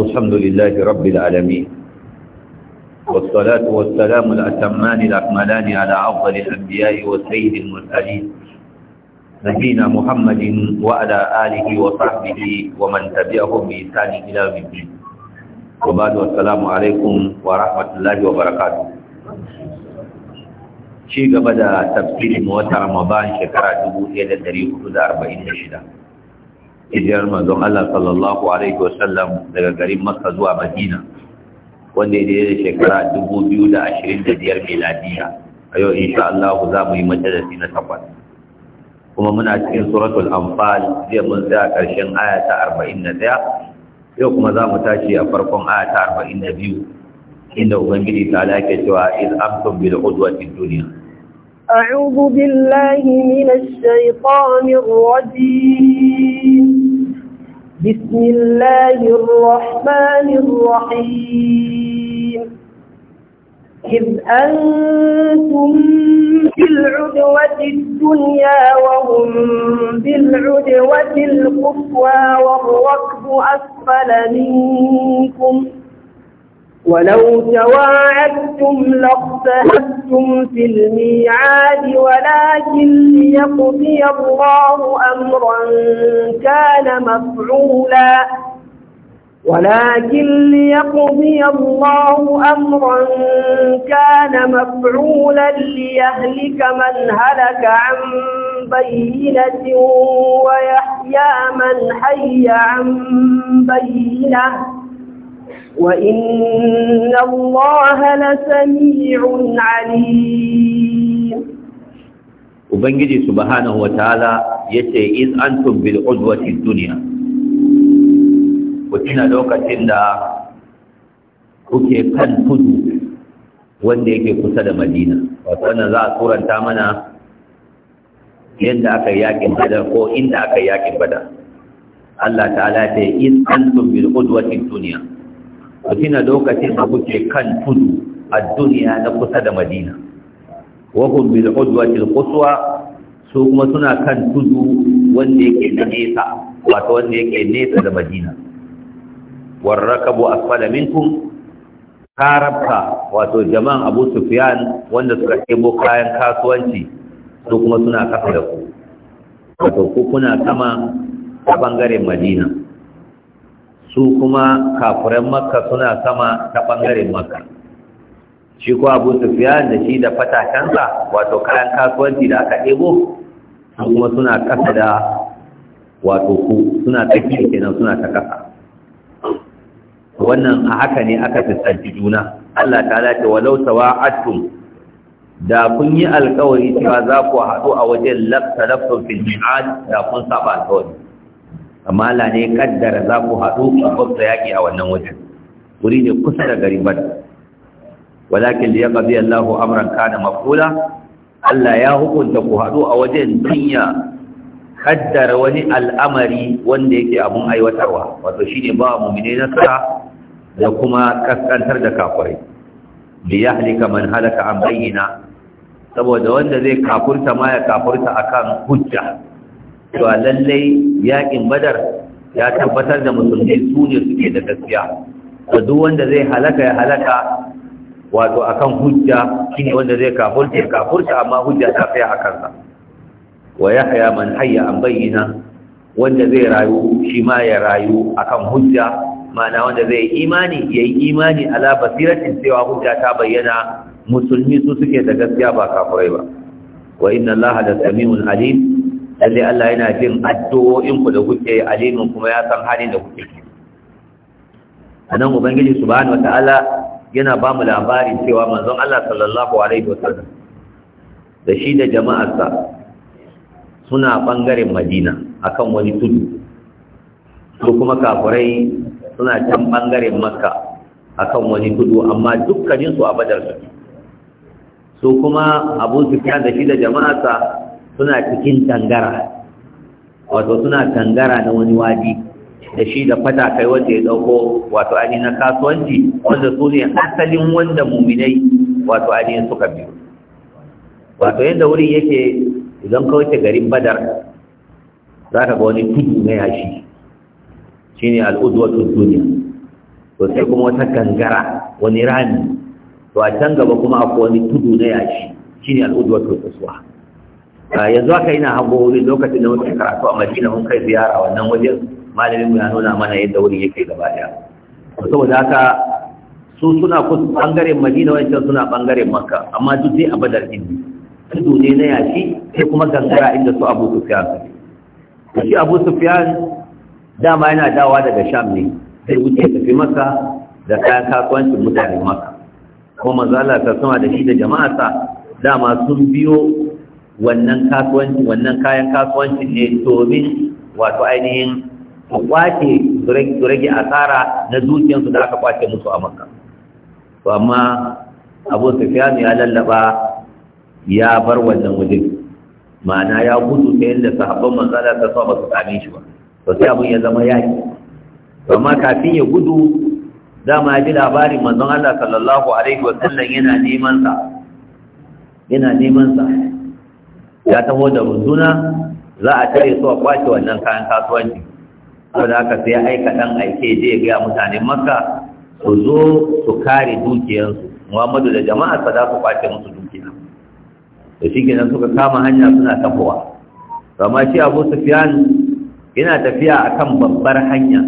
الحمد لله رب العالمين والصلاة والسلام الأتمان الأكملان على أفضل الأنبياء وسيد المرسلين نبينا محمد وعلى آله وصحبه ومن تبعهم بإحسان إلى يوم الدين وبعد والسلام عليكم ورحمة الله وبركاته شيء بدأ تفسير موتى رمضان شكرا 1446 hijirar manzon Allah sallallahu alaihi wasallam daga garin Makka zuwa Madina wanda ya daidai da shekara 2025 miladiya a yau insha Allah za mu yi majalisi na takwas kuma muna cikin suratul anfal zai mun tsaya karshen aya ta 41 yau kuma za mu tashi a farkon aya ta 42 inda ubangiji ta lake cewa iz amtum bil udwati dunya أعوذ بالله من الشيطان الرجيم بسم الله الرحمن الرحيم إذ أنتم بالعدوة الدنيا وهم بالعدوة القصوى والركب أسفل منكم ولو تواعدتم لاختلفتم في الميعاد ولكن ليقضي الله أمرا كان مفعولا ولكن ليقضي الله أمرا كان مفعولا ليهلك من هلك عن بينة ويحيى من حي عن بينه وإن الله لسميع عليم Ubangiji subhanahu wa ta'ala yace "In an tumbil uzwatin duniya, ku lokacin da kuke kan tudu wanda yake kusa da Madina, wannan za a turanta mana yadda aka yakin badar ko inda aka yakin badar. Allah ta'ala ce, "In an tumbil uzwatin duniya, ku gina lokacin da kuke kan tudu a duniya na kusa da madina wakun bil udwati quswa su kuma suna kan tudu wanda yake da nesa wato wanda yake nesa da madina rakabu asfala minkum karabka wato jama'an abu sufyan wanda suka kebo kayan kasuwanci su kuma suna kafa da ku wato ku kuna sama a bangaren madina su kuma kafuran makka suna sama ta ɓangaren makka shi ko abu sufiyan da shi da fatakansa wato kayan kasuwanci da aka ɗebo su kuma suna ƙasa da wato ku suna tsaki kenan suna ta ƙasa wannan a haka ne aka fuskanci juna Allah ta lati walau tawa'attum da kun yi alƙawari cewa za ku haɗu a wajen lafta laftun fil mi'ad da kun saba alƙawari amma Allah ne kaddara za ku haɗu ku gwabta yaƙi a wannan wajen wuri ne kusa da gari bada walakin da ya qabi Allahu amran kana makula Allah ya hukunta ku haɗu a wajen duniya kaddara wani al'amari wanda yake abun aiwatarwa wato shine ba mu'mini nasara da kuma kaskantar da kafirai bi halika man halaka an bayyana. saboda wanda zai kafurta ma ya kafurta akan hujja cewa lallai yaƙin badar ya tabbatar da musulmi su ne suke da gaskiya da duk wanda zai halaka ya halaka wato akan hujja shine wanda zai kafurta ya kafurta amma hujja ta fiya a kansa wa yahya man hayya an bayyana wanda zai rayu shi ma ya rayu akan hujja Ma'ana wanda zai imani ya yi imani ala basiratin cewa hujja ta bayyana musulmi su suke da gaskiya ba kafurai ba wa inna allaha da samiun alim lalle Allah yana jin addu'o'in ku da kuke alimin kuma ya san halin da kuke anan ubangiji subhanahu wataala yana ba mu labarin cewa manzon Allah sallallahu alaihi wasallam da shi da jama'arsa suna bangaren Madina akan wani tudu su kuma kafurai suna can bangaren Makka akan wani tudu amma dukkanin su a Badar su kuma Abu su da shi da jama'arsa suna cikin tangara wato suna tangara na wani waji da shi da fata kai wanda ya dauko wato ani na kasuwanci wanda su ne asalin wanda muminai wato ani suka biyo wato yadda wuri yake idan ka wuce garin badar za ka ga wani tudu na yashi shine al'udwatu duniya to sai kuma wata gangara wani rami to a can gaba kuma akwai wani tudu na yashi shine al'udwatu uswa Ah, yanzu haka ina hango wuri lokacin da muke karatu a madina mun kai ziyara wannan wajen malamin mu ya nuna mana yadda wuri yake gaba daya saboda haka su suna bangaren madina wancan suna bangaren makka amma duk dai a badar din tudu ne na yashi sai kuma gangara inda su abu sufyan su shi abu sufiyan dama yana dawa daga sham ne sai wuce tafi makka da kayan kasuwancin mutane makka kuma manzo Allah ta sama da shi da jama'arsa dama sun biyo wannan kasuwanci wannan kayan kasuwanci ne domin wato ainihin su kwace su rage asara na zuciyarsu da aka kwace musu a makka to amma abu sufyan ya lallaba ya bar wannan wajen ma'ana ya gudu ta yadda sahabban manzala ta saba su same shi ba to sai abun ya zama yaki amma kafin ya gudu dama ji labarin manzon Allah sallallahu alaihi wa sallam yana neman sa yana neman sa ya taho da runduna za a tare su a kwace wannan kayan kasuwanci saboda aka sai aika dan aike je ya gaya mutanen makka su zo su kare dukiyarsu muhammadu da jama'a sa za su kwace musu dukiya da shi kenan suka kama hanya suna tafowa amma shi abu sufiyan yana tafiya akan babbar hanya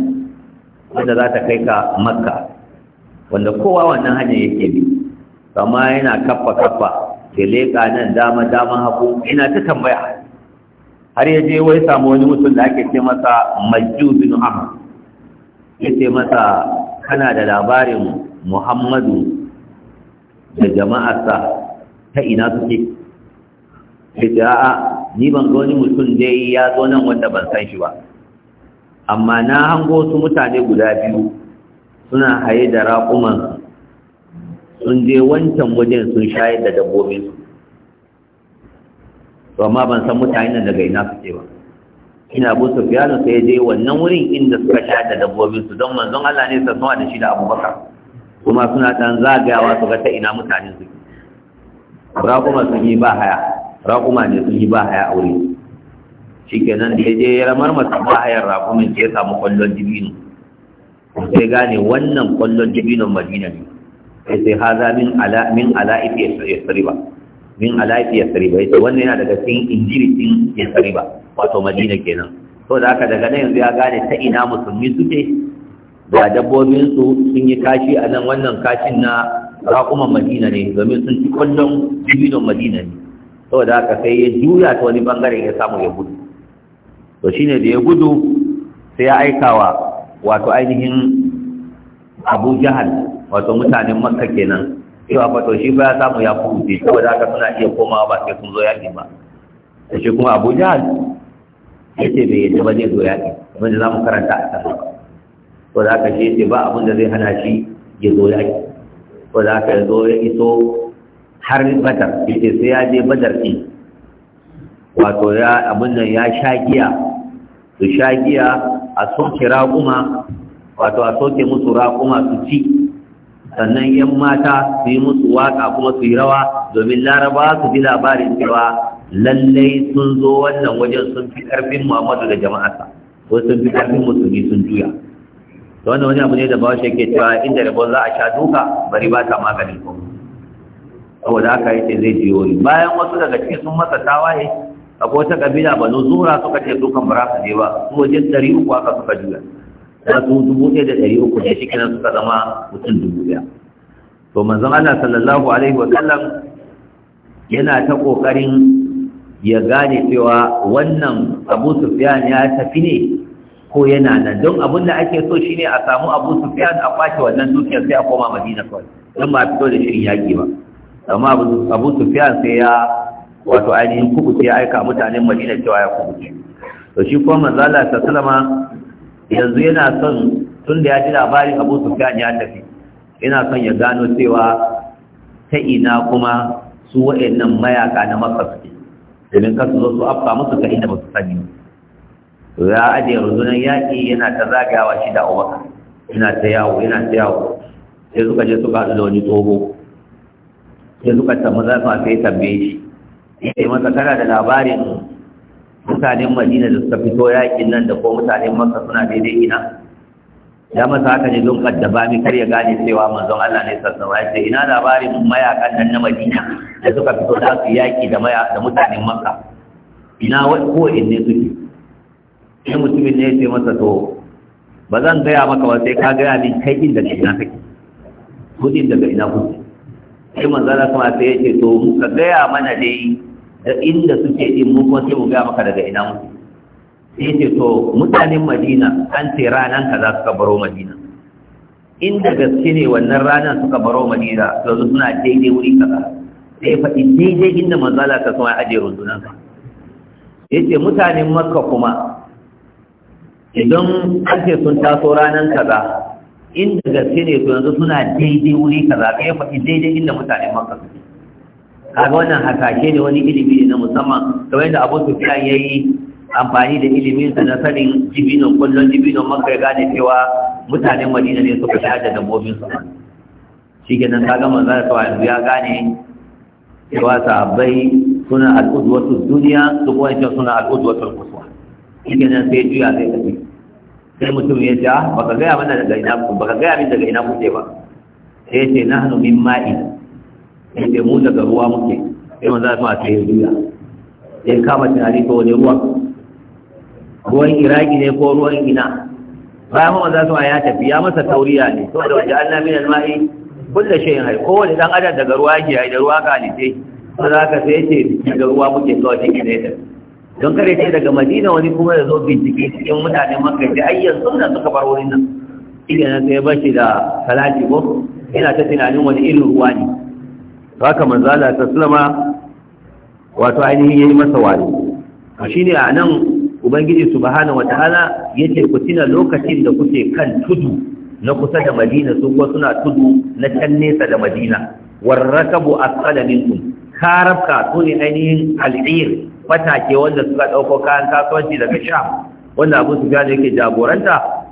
wanda za ta kai ka makka wanda kowa wannan hanya yake bi amma yana kaffa kaffa ya leƙa nan dama dama haku ina ta tambaya har ya je wai samu wani mutum da ake ce masa majju bin ahmad ya ce masa kana da labarin muhammadu da jama'arsa ta ina suke ya ce a'a ni ban ga wani mutum dai ya zo nan wanda ban san shi ba amma na hango su mutane guda biyu suna haye da raƙumansu sun je wancan wajen sun shayar da dabbobin su amma ban san mutanen daga ina suke ba ina bu su fiya sai je wannan wurin inda suka shayar da dabbobin su don manzon Allah ne sassuwa da shi da abubakar kuma suna ɗan zagayawa su ga ta ina mutanen suke raƙuma sun yi ba haya raƙuma ne sun yi ba haya a wuri shi kenan da ya je ya ramar masa ba hayar raƙumin ke samu ƙwallon dibino sai gane wannan ƙwallon dibinon madina ne sai sai haza min ala min ala ifi ba min ala ifi ya ce wannan yana daga cikin injiri din ba wato madina kenan to da haka daga nan yanzu ya gane ta ina musulmi suke da dabbobin su sun yi kashi a nan wannan kashin na raƙuman madina ne domin sun ci kullum dibinon madina ne da aka sai ya juya ta wani bangaren ya samu ya gudu to shine da ya gudu sai ya aikawa wato ainihin abu jahal wato mutanen makka kenan cewa ba to shi ba ya samu ya kuɗe saboda haka suna iya komawa ba sai sun zo yaƙi ba da shi kuma abu jihar ya ce bai yadda ba zai zo yaƙi kamar da za mu karanta a sama ko da ka shi ce ba abin da zai hana shi ya zo yaƙi ko da ka zo ya iso har badar ya sai ya je badar ki. wato ya abin nan ya sha giya su sha giya a soke raƙuma wato a soke musu raƙuma su ci sannan yan mata su yi musu waka kuma su yi rawa domin laraba su ji labarin cewa lallai sun zo wannan wajen sun fi karfin muhammadu da jama'arsa ko sun fi karfin musulmi sun juya to wannan wani abu ne da bawashi yake cewa inda da za a sha duka bari ba ta maganin ko saboda haka yake zai jiyo ni bayan wasu daga cikin sun masa tawaye akwai wata kabila banu zura suka ce dukan za su je ba su wajen ɗari uku aka suka juya da su dubu ɗaya da ɗari uku ne shi kenan suka zama mutum dubu ɗaya to manzon Allah sallallahu alaihi wa sallam yana ta kokarin ya gane cewa wannan Abu Sufyan ya tafi ne ko yana nan don abin da ake so shine a samu Abu Sufyan a kwace wannan dukiyar sai a koma Madina kawai don ba fito da shirin yaƙi ba amma Abu Sufyan sai ya wato ainihin kubuce ya aika mutanen Madina cewa ya kubuce to shi kuma manzon Allah sallallahu alaihi wa sallama yanzu yana son tun da ya ji labarin abu sufyan ya tafi yana son ya gano cewa ta ina kuma su wa'annan mayaka na maka suke domin kasu zo su afka musu ka inda ba su sani ya ajiye rundunar yaƙi yana ta zagawa shi da abubakar yana ta yawo yana ta yawo sai suka je suka haɗu da wani tsoho sai suka tambaza su a sai tambaye shi ya yi masa kana da labarin mutanen madina da suka fito yakin nan da ko mutanen maka suna daidai ina ya masa haka ne don kaddaba mi kar ya gane cewa manzon Allah ne sassama ya ce ina labarin mayakan nan na Madina da suka fito da su yaki da maya da mutanen Makka ina wa ko in ne suke sai mutumin ne ya ce masa to ba zan gaya maka ba sai ka gaya min kai inda daga ina kake kudin daga ina kudi sai manzon Allah sai ya ce to ka gaya mana dai da inda suke din mu ko sai mu ga maka daga ina mu sai ce to mutanen Madina an ce ranan kaza suka baro Madina inda gaske ne wannan ranar suka baro Madina su suna daidai wuri kaza sai faɗi daidai inda manzala ta sama aje ka yace mutanen Makka kuma idan ake sun taso ranar kaza inda gaske ne to yanzu suna daidai wuri kaza kai faɗi daidai inda mutanen Makka suke kaga wannan hasashe ne wani ilimi ne na musamman kamar yadda abu sufiyan ya yi amfani da ilimin sa na sanin jibinon kullum jibinon maka ya gane cewa mutanen madina ne suka fi da dabbobin su shi kenan kaga manzara ta yanzu ya gane cewa sahabbai suna al'udwatu duniya su wancan suna al'udwatu kusuwa shi nan sai juya zai tafi sai mutum ya ce ah, ka gaya mana daga ina ba ka gaya min daga ina kuce ba sai ya ce nahnu min ma'ina ya mu daga ruwa muke sai manzo sama sai ya juya sai kama tunani ko wani ruwa. ruwan iraki ne ko ruwan ina bayan ma manzo ma ya tafi ya masa tauriya ne to da wajen Allah min alma'i kullu shay'in hay wani dan adam daga ruwa yake ai da ruwa ka ne sai za ka sai ce daga ruwa muke a cikin ne don kare ce daga madina wani kuma ya zo bincike cikin mutanen makka da ayyan sunna suka bar wurin nan idan sai bashi da salati ko ina ta tunanin wani irin ruwa ne to haka manzo Allah ta sallama wato ainihin yayi masa wani a shine a nan ubangiji subhanahu wataala yake ku tina lokacin da kuke kan tudu na kusa da Madina su ko suna tudu na can nesa da Madina warrakabu asqala minkum karabka to ne ainihin al'ir fatake wanda suka dauko kayan kasuwanci daga Sham wanda Abu Sufyan yake jagoranta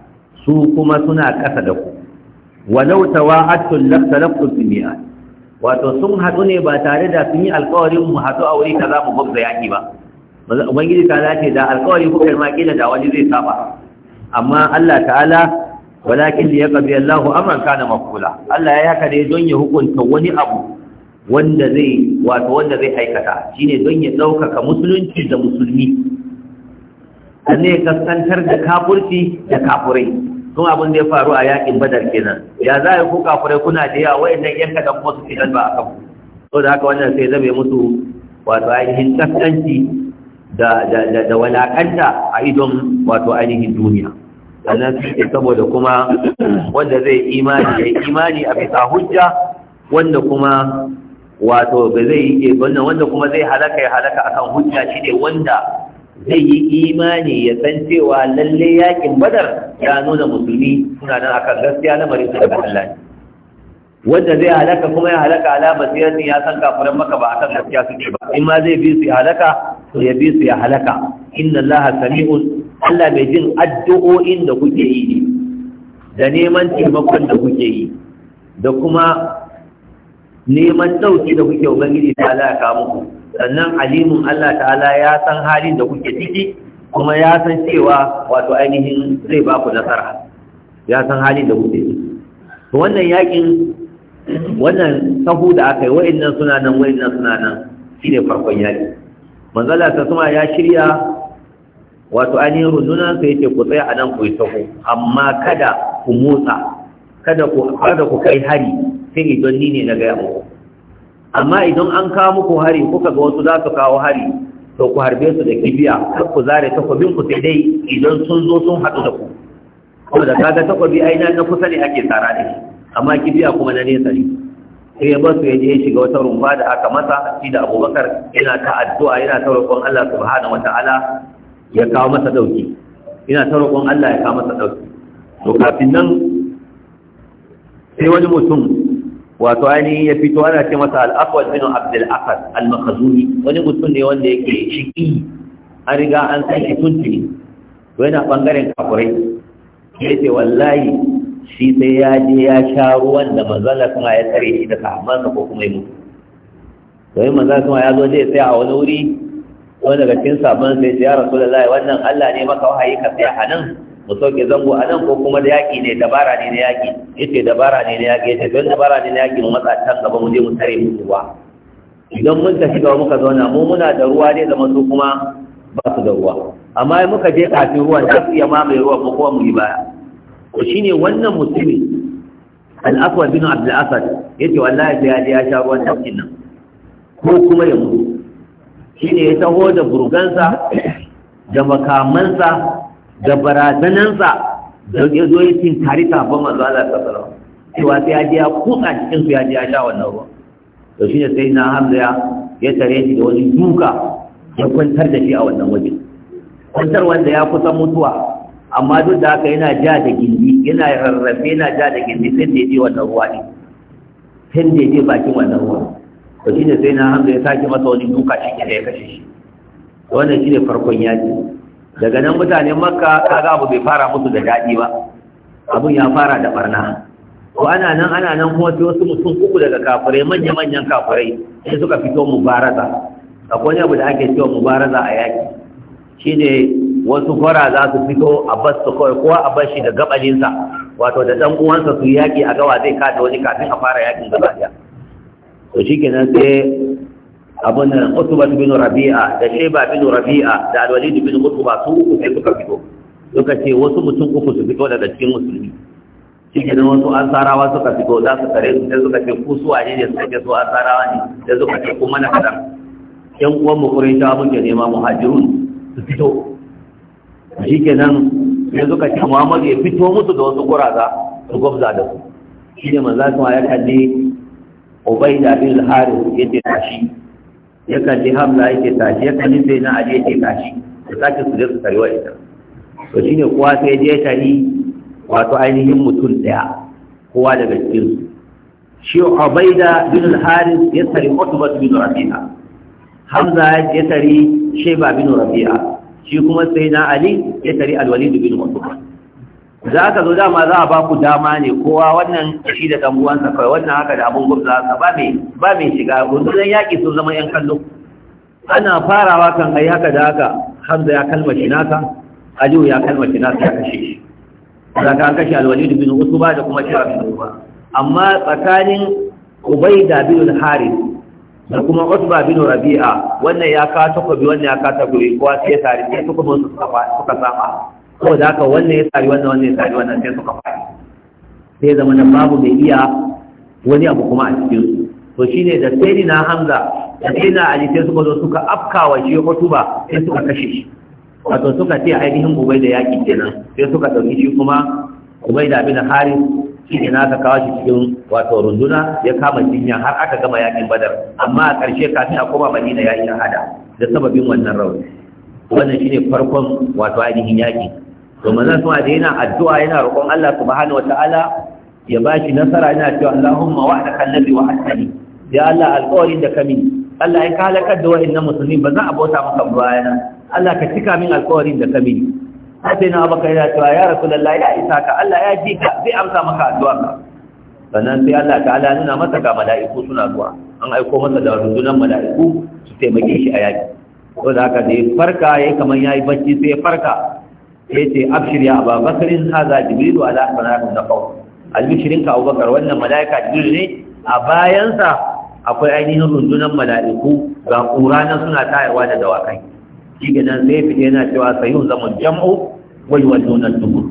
su kuma suna kasa da ku walau tawa'atul laqtalaqtu bi mi'at wato sun haɗu ne ba tare da sun yi alƙawarin mu haɗu a wuri kaza mu gwabza yaƙi ba ubangiji ta lace da ko kai ma kila da wani zai saba amma Allah ta'ala walakin li yaqdi Allahu amran kana mafula Allah ya haka dai don ya hukunta wani abu wanda zai wato wanda zai aikata shine don ya ɗaukaka musulunci da musulmi sannan ya kaskantar da kafurci da kafurai tun abin da ya faru a yakin badar kenan ya za a kuka kure kuna da yawa wayannan yan kadan kuma su fitan ba a kan So da haka wannan sai zame musu wato ainihin kaskanci da da da walakanta a idon wato ainihin duniya sannan su ke saboda kuma wanda zai imani ya imani a bisa hujja wanda kuma wato ba zai yi wanda kuma zai halaka ya halaka akan hujja shi ne wanda zai yi imani ya san cewa lalle yakin badar ya nuna musulmi suna nan akan gaskiya lamarin su daga Allah ne wanda zai halaka kuma ya halaka sai basiratin ya san kafiran maka ba akan gaskiya suke ba in ma zai bi su ya halaka to ya bi su ya halaka inna Allah sami'un Allah mai jin addu'o'in da kuke yi ne da neman taimakon da kuke yi da kuma neman dauki da kuke ubangiji ta halaka muku sannan alimun Allah ta'ala ya san halin da kuke ciki kuma ya san cewa wato ainihin zai ba ku nasara ya san halin da kuke ciki wannan yakin wannan sahu da aka yi wa'annan suna nan wa'annan suna nan shine farkon yaki manzala ta suma ya shirya wato ainihin rundunar sai yake ku tsaya a nan ku yi sahu amma kada ku motsa kada ku kada ku kai hari sai idan ni ne na gaya muku amma idan an kawo muku hari kuka ga wasu za su kawo hari to ku harbe su da kibiya har ku zare takwabin ku sai dai idan sun zo sun haɗu da ku kuma da kaga takwabi ai na na kusa ne ake tsara da shi amma kibiya kuma na nesa ne sai ya basu ya je ya shiga wata rumba da aka masa shi da abubakar yana ta addu'a yana ta roƙon Allah subhanahu wataala ya kawo masa ɗauki yana ta roƙon Allah ya kawo masa ɗauki to kafin nan sai wani mutum wato ainihin ya fito ana ce masa al'afwal bin abdul asad al-makhzumi wani mutum ne wanda yake shiki an riga an san shi tuntuni to yana bangaren kafurai ce wallahi shi sai ya je ya sha ruwan da manzala kuma ya tsare shi da sahabbansa ko kuma ya mutu domin manzala kuma ya zo zai tsaya a wani wuri wani daga cikin sabon sai ya rasu da zai wannan allah ne maka wahayi ka tsaya a nan mu zango a nan ko kuma da yaƙi ne dabara ne na yaƙi yace dabara ne na yaƙi yace don dabara ne na yaƙi mu matsa can gaba mu je mu tare mu ruwa idan mun tafi gaba muka zauna mu muna da ruwa ne zama su kuma ba su da ruwa amma muka je kafin ruwan za su iya mamaye ruwa kuma mu yi baya ko shine wannan mutumin al-aswad bin abdul asad yace wallahi sai ya je ya sha ruwan tafkin nan ko kuma ya mutu shine ya taho da burgansa da makamansa da barazanansa da ya zo ya tinkari sabon manzo Allah sallallahu alaihi cewa sai ya je ya kutsa cikin su ya je ya sha wannan ruwa to shine sai na Hamza ya ya tare shi da wani duka ya kwantar da shi a wannan waje kwantar wanda ya kusa mutuwa amma duk da haka yana ja da gindi yana rarrafe yana ja da gindi sai da ya je wannan ruwa ne sai da ya je bakin wannan ruwa to shine sai na Hamza ya sake masa wani duka shi ne ya kashe shi wannan shine farkon yaji daga nan mutanen makka kaga abu bai fara musu da daɗi ba abun ya fara da barna ko ana nan ana nan kuma sai wasu mutum uku daga kafirai manya-manyan kafirai sai suka fito mubaraza akwai abu da ake cewa mubaraza a yaki shine wasu fara za su fito a bas su kawai kowa a bashi shi da gabalinsa wato da dan uwansa su yaki a gawa zai kada wani kafin a fara yakin gaba daya to shikenan sai abun nan utuba bin rabi'a da sheba bin rabi'a da alwalid bin utuba su uku sai suka fito suka ce wasu mutum uku su fito daga cikin musulmi cikin wasu ansarawa suka fito za su kare su sai suka ce ku su wane ne suka ce su ansarawa ne sai suka ce ku mana kadan yan uwan mu ta muke nema muhajirun su fito shikenan sai suka ce Muhammadu ya fito musu da wasu kuraza su gwabza da su shine ma ya kalli Ubay da Abdul Harith yace tashi Yakan je hamza yake tashi ya kalli sai na ali yake tashi da sake su je su tari wa'ita to shine kowa sai je tari wato ainihin mutum daya kowa daga cikin su shi ubaida bin al-haris ya tari utba bin rabi'a hamza ya tari shayba bin rabi'a shi kuma sai na ali ya tari al-walid bin mutum za ka zo dama za a ba ku dama ne kowa wannan shi da ɗan uwansa kawai wannan haka da abin gurza za ba mai ba mai shiga gundunan yaƙi sun zama 'yan kallo ana farawa kan ai haka da haka hamza ya kalma shi naka aliyu ya kalma shi naka ya kashe shi za ka an kashe da bin usuba da kuma shira bin ba. amma tsakanin ubay da binu haris da kuma usuba bin rabi'a wannan ya ka takobi wannan ya ka takobi kowa sai tare sai su suka saba ko da haka wannan ya tsari wannan wannan ya tsari wannan sai suka fara sai zama da babu mai iya wani abu kuma a cikin su to shine da sai na hamza da sai na ali sai suka zo suka afkawa shi hutuba sai suka kashe shi wato suka ce ainihin ubai da yaƙi kenan sai suka ɗauki shi kuma ubai da abin harin shi ne na kawo shi cikin wato runduna ya kama jinya har aka gama yaƙin badar amma a ƙarshe kafin a koma madina ya yi shahada da sababin wannan rauni wannan shine farkon wato ainihin yaƙi to manzon sama da yana addu'a yana roƙon Allah subhanahu ta'ala ya bashi nasara yana cewa Allahumma wa'adaka allazi wa'adtani ya Allah alƙawarin da kami Allah ya kalakar da wa'annan musulmi ba za a bauta maka bayana Allah ka cika min alƙawarin da kami sai na abaka yana cewa ya rasulullahi ya isa ka Allah ya ji ka zai amsa maka addu'a ka sannan sai Allah ta'ala nuna masa ga mala'iku suna zuwa an aiko masa da rundunan mala'iku su taimake shi a yaki ko haka da ya farka ya yi kamar ya yi bacci sai ya farka yace ce abshir ya aba bakarin haza wa ala sanatun na albishirin ka abubakar wannan mala'ika jibril ne a sa akwai ainihin rundunar mala'iku ga qurana suna tayarwa da dawakai shi nan sai yana cewa sayun zaman jam'u wai wannan dubur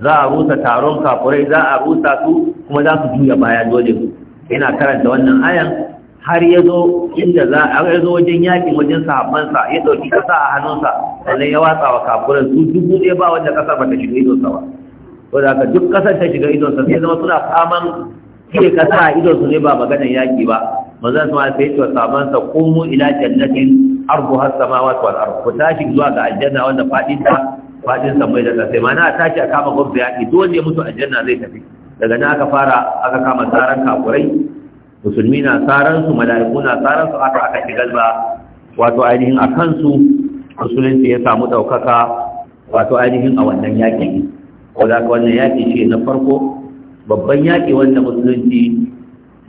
za a rusa taron kafurai za a rusa su kuma za su juya baya dole yana karanta wannan ayan har ya zo inda za a ya zo wajen yakin wajen sahabbansa ya ɗauki ƙasa a hannunsa sannan ya watsa wa kafuran su dubu ɗaya ba wanda ƙasa ba ta shiga idonsa ba ko da duk ƙasar ta shiga idonsa sai zama suna faman kire ƙasa a idonsu ne ba maganar yaƙi ba manzon sama sai ya ce wa sahabbansa ila jannatin arbu har samawati wasu al'adu. ku tashi zuwa ga aljanna wanda faɗin ta faɗin sa mai da sai mana a tashi a kama gwamnati yaƙi dole mutu aljanna zai tafi daga nan aka fara aka kama tsaron kafurai musulmi na tsaransu mala'iku na tsaransu aka aka ci galba wato ainihin a kansu musulunci ya samu ɗaukaka wato ainihin a wannan yaƙi ko da ka wannan yaƙi ce na farko babban yaƙi wanda musulunci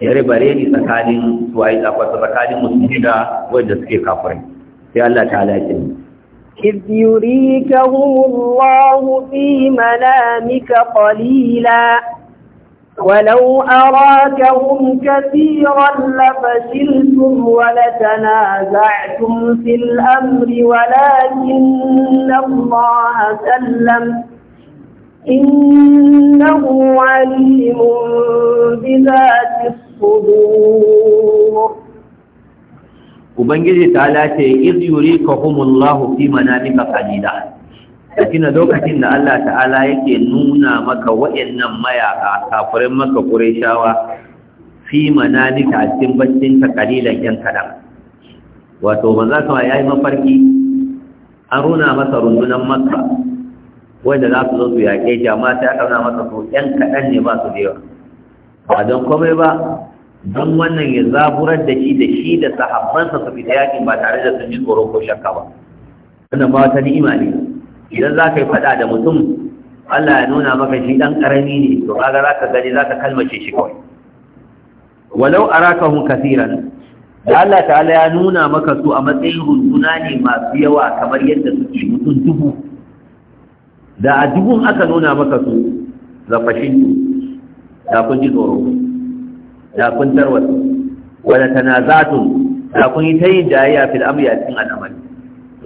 ya ribare ni tsakanin suwayi tsakanin musulmi da wanda suke kafirai sai Allah ta halaye إذ يريكهم الله في منامك قليلا ولو أراكهم كثيرا لفشلتم ولتنازعتم في الأمر ولكن الله سلم إنه عليم بذات الصدور Ubangiji ta lace iz الله fi manamika قليلا ka lokacin da Allah ta'ala yake nuna maka wa'annan mayaka kafirin maka ƙureshawa fi manalika a cikin baccinka ƙalilan yan kaɗan wato banza kama ya yi mafarki an runa masa rundunan makka wanda za su zo su yaƙe shi amma ta kauna masa su yan kaɗan ne ba su da yawa ba don komai ba don wannan ya zaburar da shi da shi da sahabbansa su fita yaƙin ba tare da sun ji tsoro ko shakka ba wannan ba wata ni'ima ne idan za ka yi faɗa da mutum Allah ya nuna maka shi ɗan ƙarami ne to kaga za ka gani za ka kalmace shi kawai walau a arakahum kasiran da Allah ta'ala ya nuna maka su a matsayin runduna ne masu yawa kamar yadda suke mutum dubu da a dubun aka nuna maka su zafashin da kun ji tsoro da kun tarwata wala tanazatun da kun yi ta yin jayayya fil amri a cikin al'amari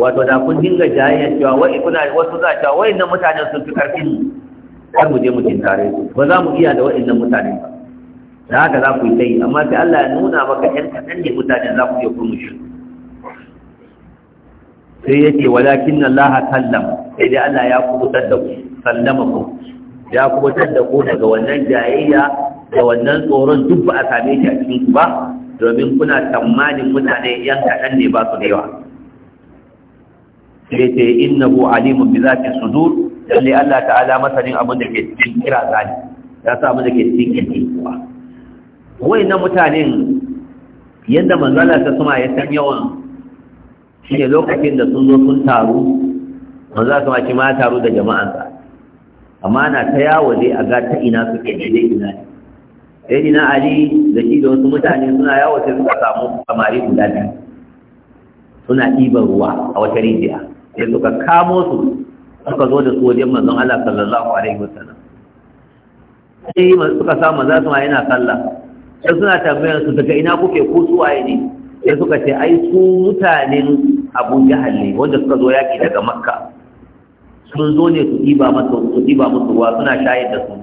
wato da kun dinga jayayya cewa wai kuna wasu za cewa nan mutanen sun fi karfin kar mu je mu tare ba za mu iya da nan mutanen ba da haka za ku yi yi, amma sai Allah ya nuna maka ɗan kaɗan ne mutanen za ku iya kurmushi sai ya ce walakin Allah kallam sai dai Allah ya kubutar da ku sallama ku ya kubutar da ku daga wannan jayayya da wannan tsoron duk ba a same shi a cikin ku ba domin kuna tsammanin mutane yan kaɗan ne ba su da yawa sai ce innahu alimun bi zati sudur lalle Allah ta'ala masanin abin da ke cikin kira zali ya sa abin da ke cikin kirki kuwa na mutanen yadda manzala ta suma ya san yawan shi ne lokacin da sun zo sun taru manzala ta shi ma taru da jama'ansa amma na ta yawo dai a ga ta ina suke daidai ina ne sai na ali da shi da wasu mutane suna yawo sai suka samu samari guda biyu suna ɗiban ruwa a wata rijiya sai suka kamo su suka zo da su wajen manzon Allah sallallahu alaihi wasallam sai suka sa maza su ma yana sallah sai suna tambayar su daga ina kuke ku su waye ne sai suka ce ai su mutanen Abu Jahal ne wanda suka zo yaki daga Makka sun zo ne su ɗiba masa su diba musu ruwa suna shayar da su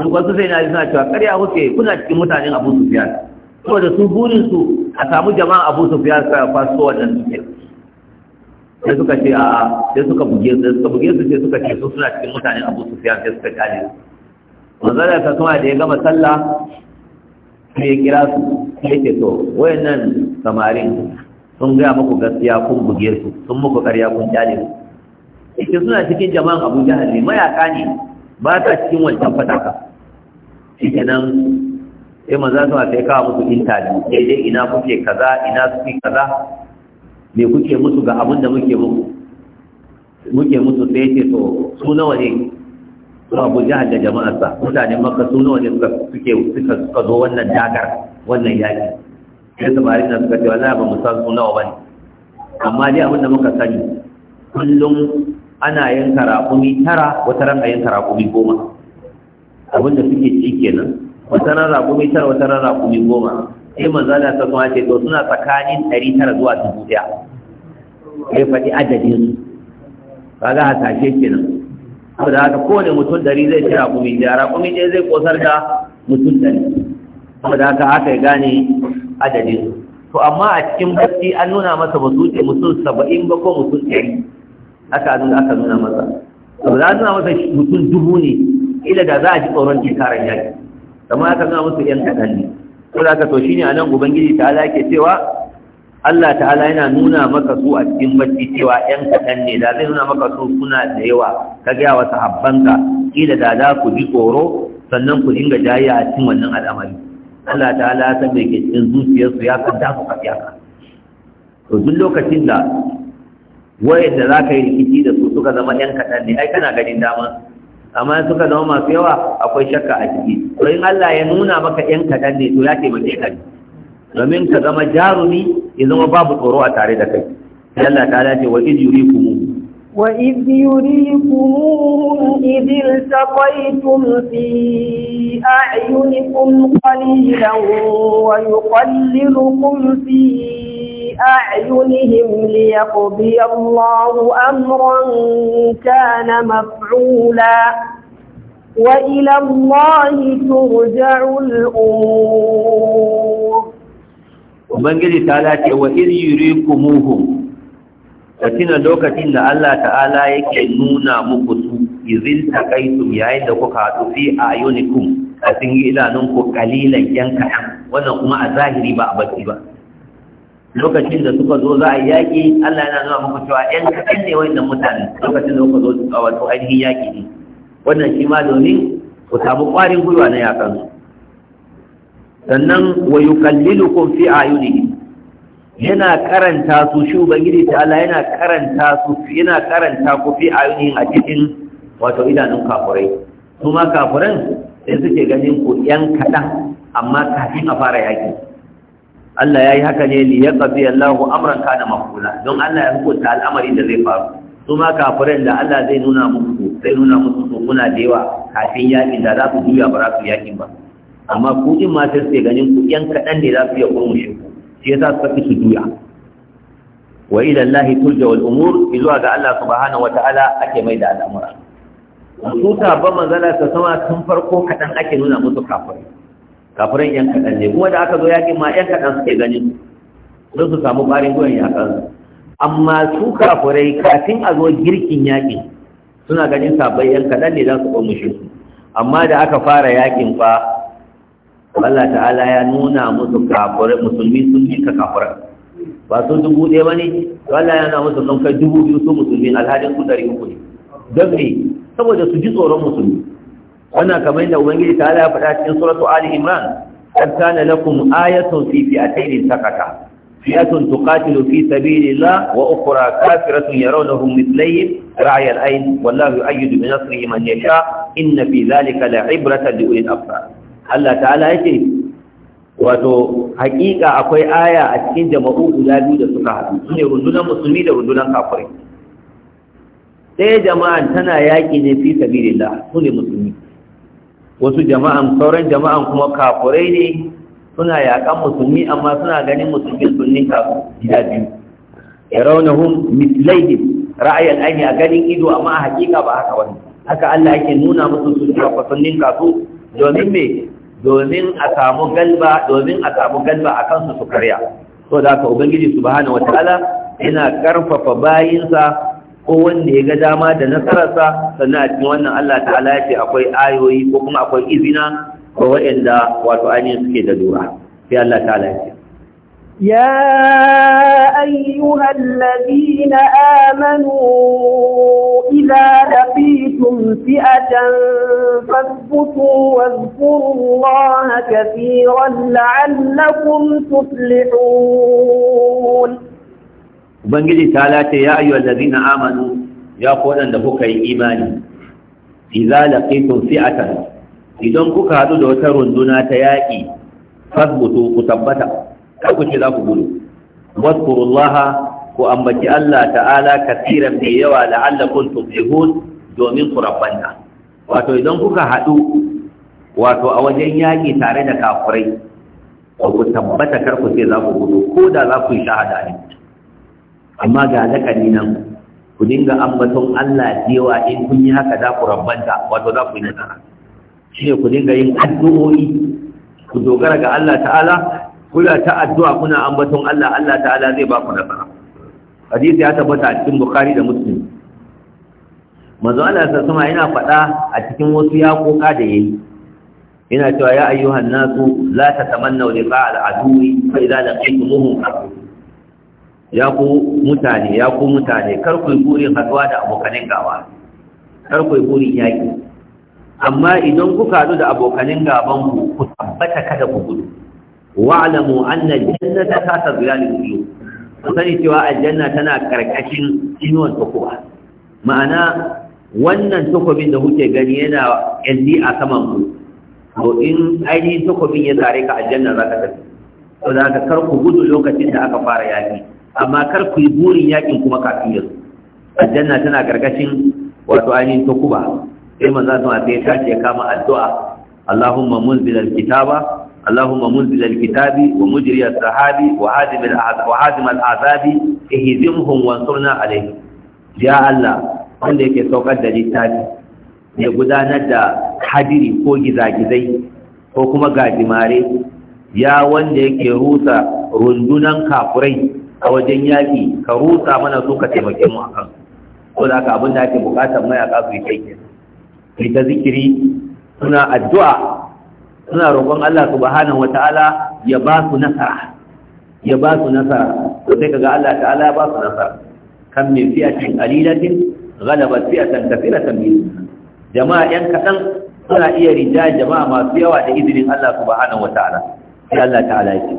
an kwasu sai na suna cewa karya kuke kuna cikin mutanen Abu Sufyan saboda su burin su a samu jama'a Abu Sufyan sai faso wannan suke sai suka ce a sai suka buge su suka buge su sai suka ce su suna cikin mutanen abu su fiya sai suka kyale su manzara ta kuma da ya gama sallah sai ya kira su sai ce to wayannan samarin sun gaya muku gaskiya kun buge su sun muku karya kun kyale su ke suna cikin jama'an abu jahal ne mayaka ne ba ta cikin wancan fataka shi nan sai manzara ta sai kawo musu intanet daidai ina kuke kaza ina suke kaza me kuke musu ga abin da muke muku muke musu sai ce to su nawa ne su abu jihar da jama'arsa mutanen maka su nawa ne suke suka zo wannan dagar wannan yaki sai bari na suka ce wani abu mu san su nawa bane amma dai abin da muka sani kullum ana yanka raƙumi tara wata ran a yanka raƙumi goma abin da suke ci kenan wata ran raƙumi tara wata ran raƙumi goma sai manzala ta kuma ce to suna tsakanin ɗari tara zuwa dubu ɗaya ya faɗi adadin su ba za a tashe kenan da haka kowane mutum ɗari zai ci raƙumi ɗaya raƙumi ne zai ƙosar da mutum ɗari da haka haka ya gane adadin su to amma a cikin bacci an nuna masa ba su ce mutum saba'in ba ko mutum ɗari aka aka nuna masa saboda da nuna masa mutum dubu ne ila da za a ji tsoron kekarar yaki amma aka nuna masa yan kaɗan ne ko za ka to shi ne a nan ubangiji ta'ala yake cewa Allah ta'ala yana nuna maka su a cikin bacci cewa ‘yan kaɗan ne da zai nuna maka su kuna da yawa ka gaya wa ka, kila da za ku ji tsoro sannan ku dinga jayya a cikin wannan al'amari Allah ta'ala ya san mai ke cikin zuciyarsu ya san da ku kafiya ka to duk lokacin da wayanda za ka yi rikici da su suka zama ‘yan kaɗan ne ai kana ganin dama amma suka zama masu yawa akwai shakka a ciki to in Allah ya nuna maka yan kaɗan ne to ya taimake ka ne domin ka zama jarumi ya zama babu tsoro a tare da kai Allah ta ce wa iz yurikumu wa iz yurikumu iz iltaqaytum fi a'yunikum qalilan wa yuqallilukum fi أعينهم ليقضي الله أمرا كان مفعولا وإلى الله ترجع الأمور Ubangiji ta lace wa iri yuri kumuhu, da lokacin da Allah ta'ala yake nuna muku su, izin takaitum yayin da kuka haɗu fi a yunikum a sun idanunku ‘yan kaɗan, wannan kuma a zahiri ba a baki ba. lokacin da suka zo za a yaƙi Allah yana zuwa muku cewa ƴan kaɗan ne da mutane lokacin da kuka zo a wato ainihin yaƙi ne wannan shi ma domin ku samu ƙwarin gwiwa na yakan. su sannan wa yuqallilukum fi ayunihim yana karanta su shi ubangiji ta Allah yana karanta su yana karanta ku fi ayunihim a cikin wato idanun kafurai su ma kafuran sai suke ganin ku ƴan kaɗan amma kafin a fara yaƙi Allah ya yi haka ne li ya ƙafi Allah amran kana mafula don Allah ya hukunta al'amari da zai faru su ma kafirin da Allah zai nuna musu zai nuna musu su kuna da yawa kafin yakin da za su juya ba za su yakin ba amma ku in ma sai suke ganin ku yan kaɗan ne za su iya kurmushe ku shi yasa suka fi su juya wa ila Allah turja wal umur zuwa ga Allah subhanahu ta'ala ake mai da al'amura su ta ba manzala ta sama tun farko kaɗan ake nuna musu kafirin kafirin yan kaɗan ne kuma da aka zo yaƙi ma yan kaɗan suke ganin don su samu ƙwarin gwiwan yaƙan amma su kafirai kafin a zo girkin yaƙin suna ganin sabai yan kaɗan ne za su ƙwamu mushi amma da aka fara yaƙin fa Allah ta'ala ya nuna musu kafir musulmi sun yi ka kafirai ba su dubu ɗaya ba ne Allah ya nuna musu sun kai dubu biyu su musulmi alhalin su ɗari uku ne don ne saboda su ji tsoron musulmi wannan kamar yadda ubangiji ta ya faɗa cikin suratu ali imran qad kana lakum ayatun fi fi'atayn saqata fi'atun tuqatilu fi sabilillah wa ukhra kafiratun yarawnahum mithlayhim ra'y al-ayn wallahu yu'ayyidu bi nasrihi man yasha inna fi dhalika la'ibratan li ulil absar Allah ta'ala yake wato hakika akwai aya a cikin jama'u guda biyu da suka haɗu ne rundunar musulmi da rundunar kafirai ɗaya jama'an tana yaƙi ne fi sabilillah su ne musulmi wasu jama'an sauran jama'an kuma kafurai ne suna yaƙan musulmi amma suna ganin musulmi sun ninka gida biyu ya hun mislaihim ra'ayin aini a ganin ido amma a hakika ba haka wani haka Allah yake nuna musu su shafa sun su domin me domin a samu galba domin a samu galba a kansu su karya so da haka ubangiji subhanahu wataala yana karfafa bayinsa ko wanda ya ga dama da nasararsa sannan a cikin wannan Allah ta'ala ya ce akwai ayoyi ko kuma akwai izina ko waɗanda wato ainihin suke da lura sai Allah ta'ala ya ce يا أيها الذين آمنوا إذا لقيتم فئة فاثبتوا واذكروا الله كثيرا لعلكم تفلحون ubangiji ta lace ya ayyuhal ladina amanu ya ku wadanda kuka yi imani idza laqitum fi'atan idan kuka hadu da wata runduna ta yaki fasbutu ku tabbata kar ku ce za ku gudu wadkurullaha ku ambaci Allah ta'ala kasiran mai yawa la'allakum tuflihun domin ku rabbanta wato idan kuka hadu wato a wajen yaki tare da kafirai ku tabbata kar ku ce za ku gudu ko da za ku yi shahada ne amma ga zakari nan ku dinga ambaton Allah yawa in kun yi haka za ku rabbanta wato za ku yi nasara shi ne ku dinga yin addu'o'i ku dogara ga Allah ta'ala kula ta addu'a kuna ambaton Allah Allah ta'ala zai ba ku nasara hadisi ya tabbata a cikin Bukhari da Muslim manzo Allah ta sama yana faɗa a cikin wasu yaƙoƙa da yayi yana cewa ya ayyuhan nasu la tatamannu liqa al-aduwi fa idza laqitumuhum ya ku mutane ya ku mutane kar ku burin haduwa da abokanin gawa kar ku burin yaƙi amma idan kuka haɗu da abokanin gaban ku ku tabbata kada ku gudu alamu anna jannata ta tazilal biyu ku sani cewa aljanna tana karkashin inuwan tukuba ma'ana wannan tukubin da kuke gani yana yanzu a saman ku to in ainihin tukubin ya tare ka aljanna za ka tafi to da ka kar ku gudu lokacin da aka fara yaƙi amma kar ku yi burin yakin kuma kafin yanzu aljanna tana karkashin wato ainihin kuba sai manzo sun sai ya tashi ya kama addu'a Allahumma munzil alkitaba Allahumma munzil alkitabi wa mujri as-sahabi wa hadim al-ahzab wa hadim al-ahzab ihzimhum wansurna alayhi ya Allah wanda yake saukar da littafi ya gudanar da hadiri ko gizagizai ko kuma gajimare ya wanda yake rusa rundunan kafurai a wajen yaƙi ka rusa mana su ka taimake mu a kan ko da ka abin da ake buƙatar mayaƙa su yi kai ke ta zikiri suna addu'a suna roƙon Allah subhanahu wata'ala ya ba su nasara ya ba su nasara to sai kaga Allah ta'ala ya ba su nasara kan min fi'atin qalilatin ghalabat fi'atan kathiratan min jama'a yan kadan suna iya rija jama'a masu yawa da izinin Allah subhanahu wata'ala sai Allah ta'ala ya ce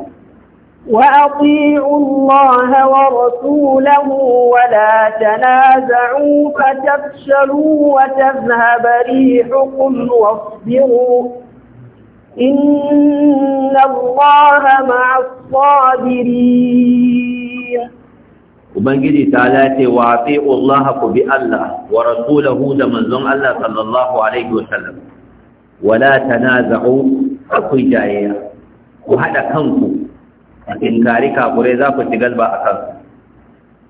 وأطيعوا الله ورسوله ولا تنازعوا فتفشلوا وتذهب ريحكم واصبروا إن الله مع الصابرين وبنجد تعالى وأطيعوا الله بالله ورسوله زمن زم الله صلى الله عليه وسلم ولا تنازعوا أقوى جاية وهذا كنكم a tinkari kafurai za ku ci galba a kansu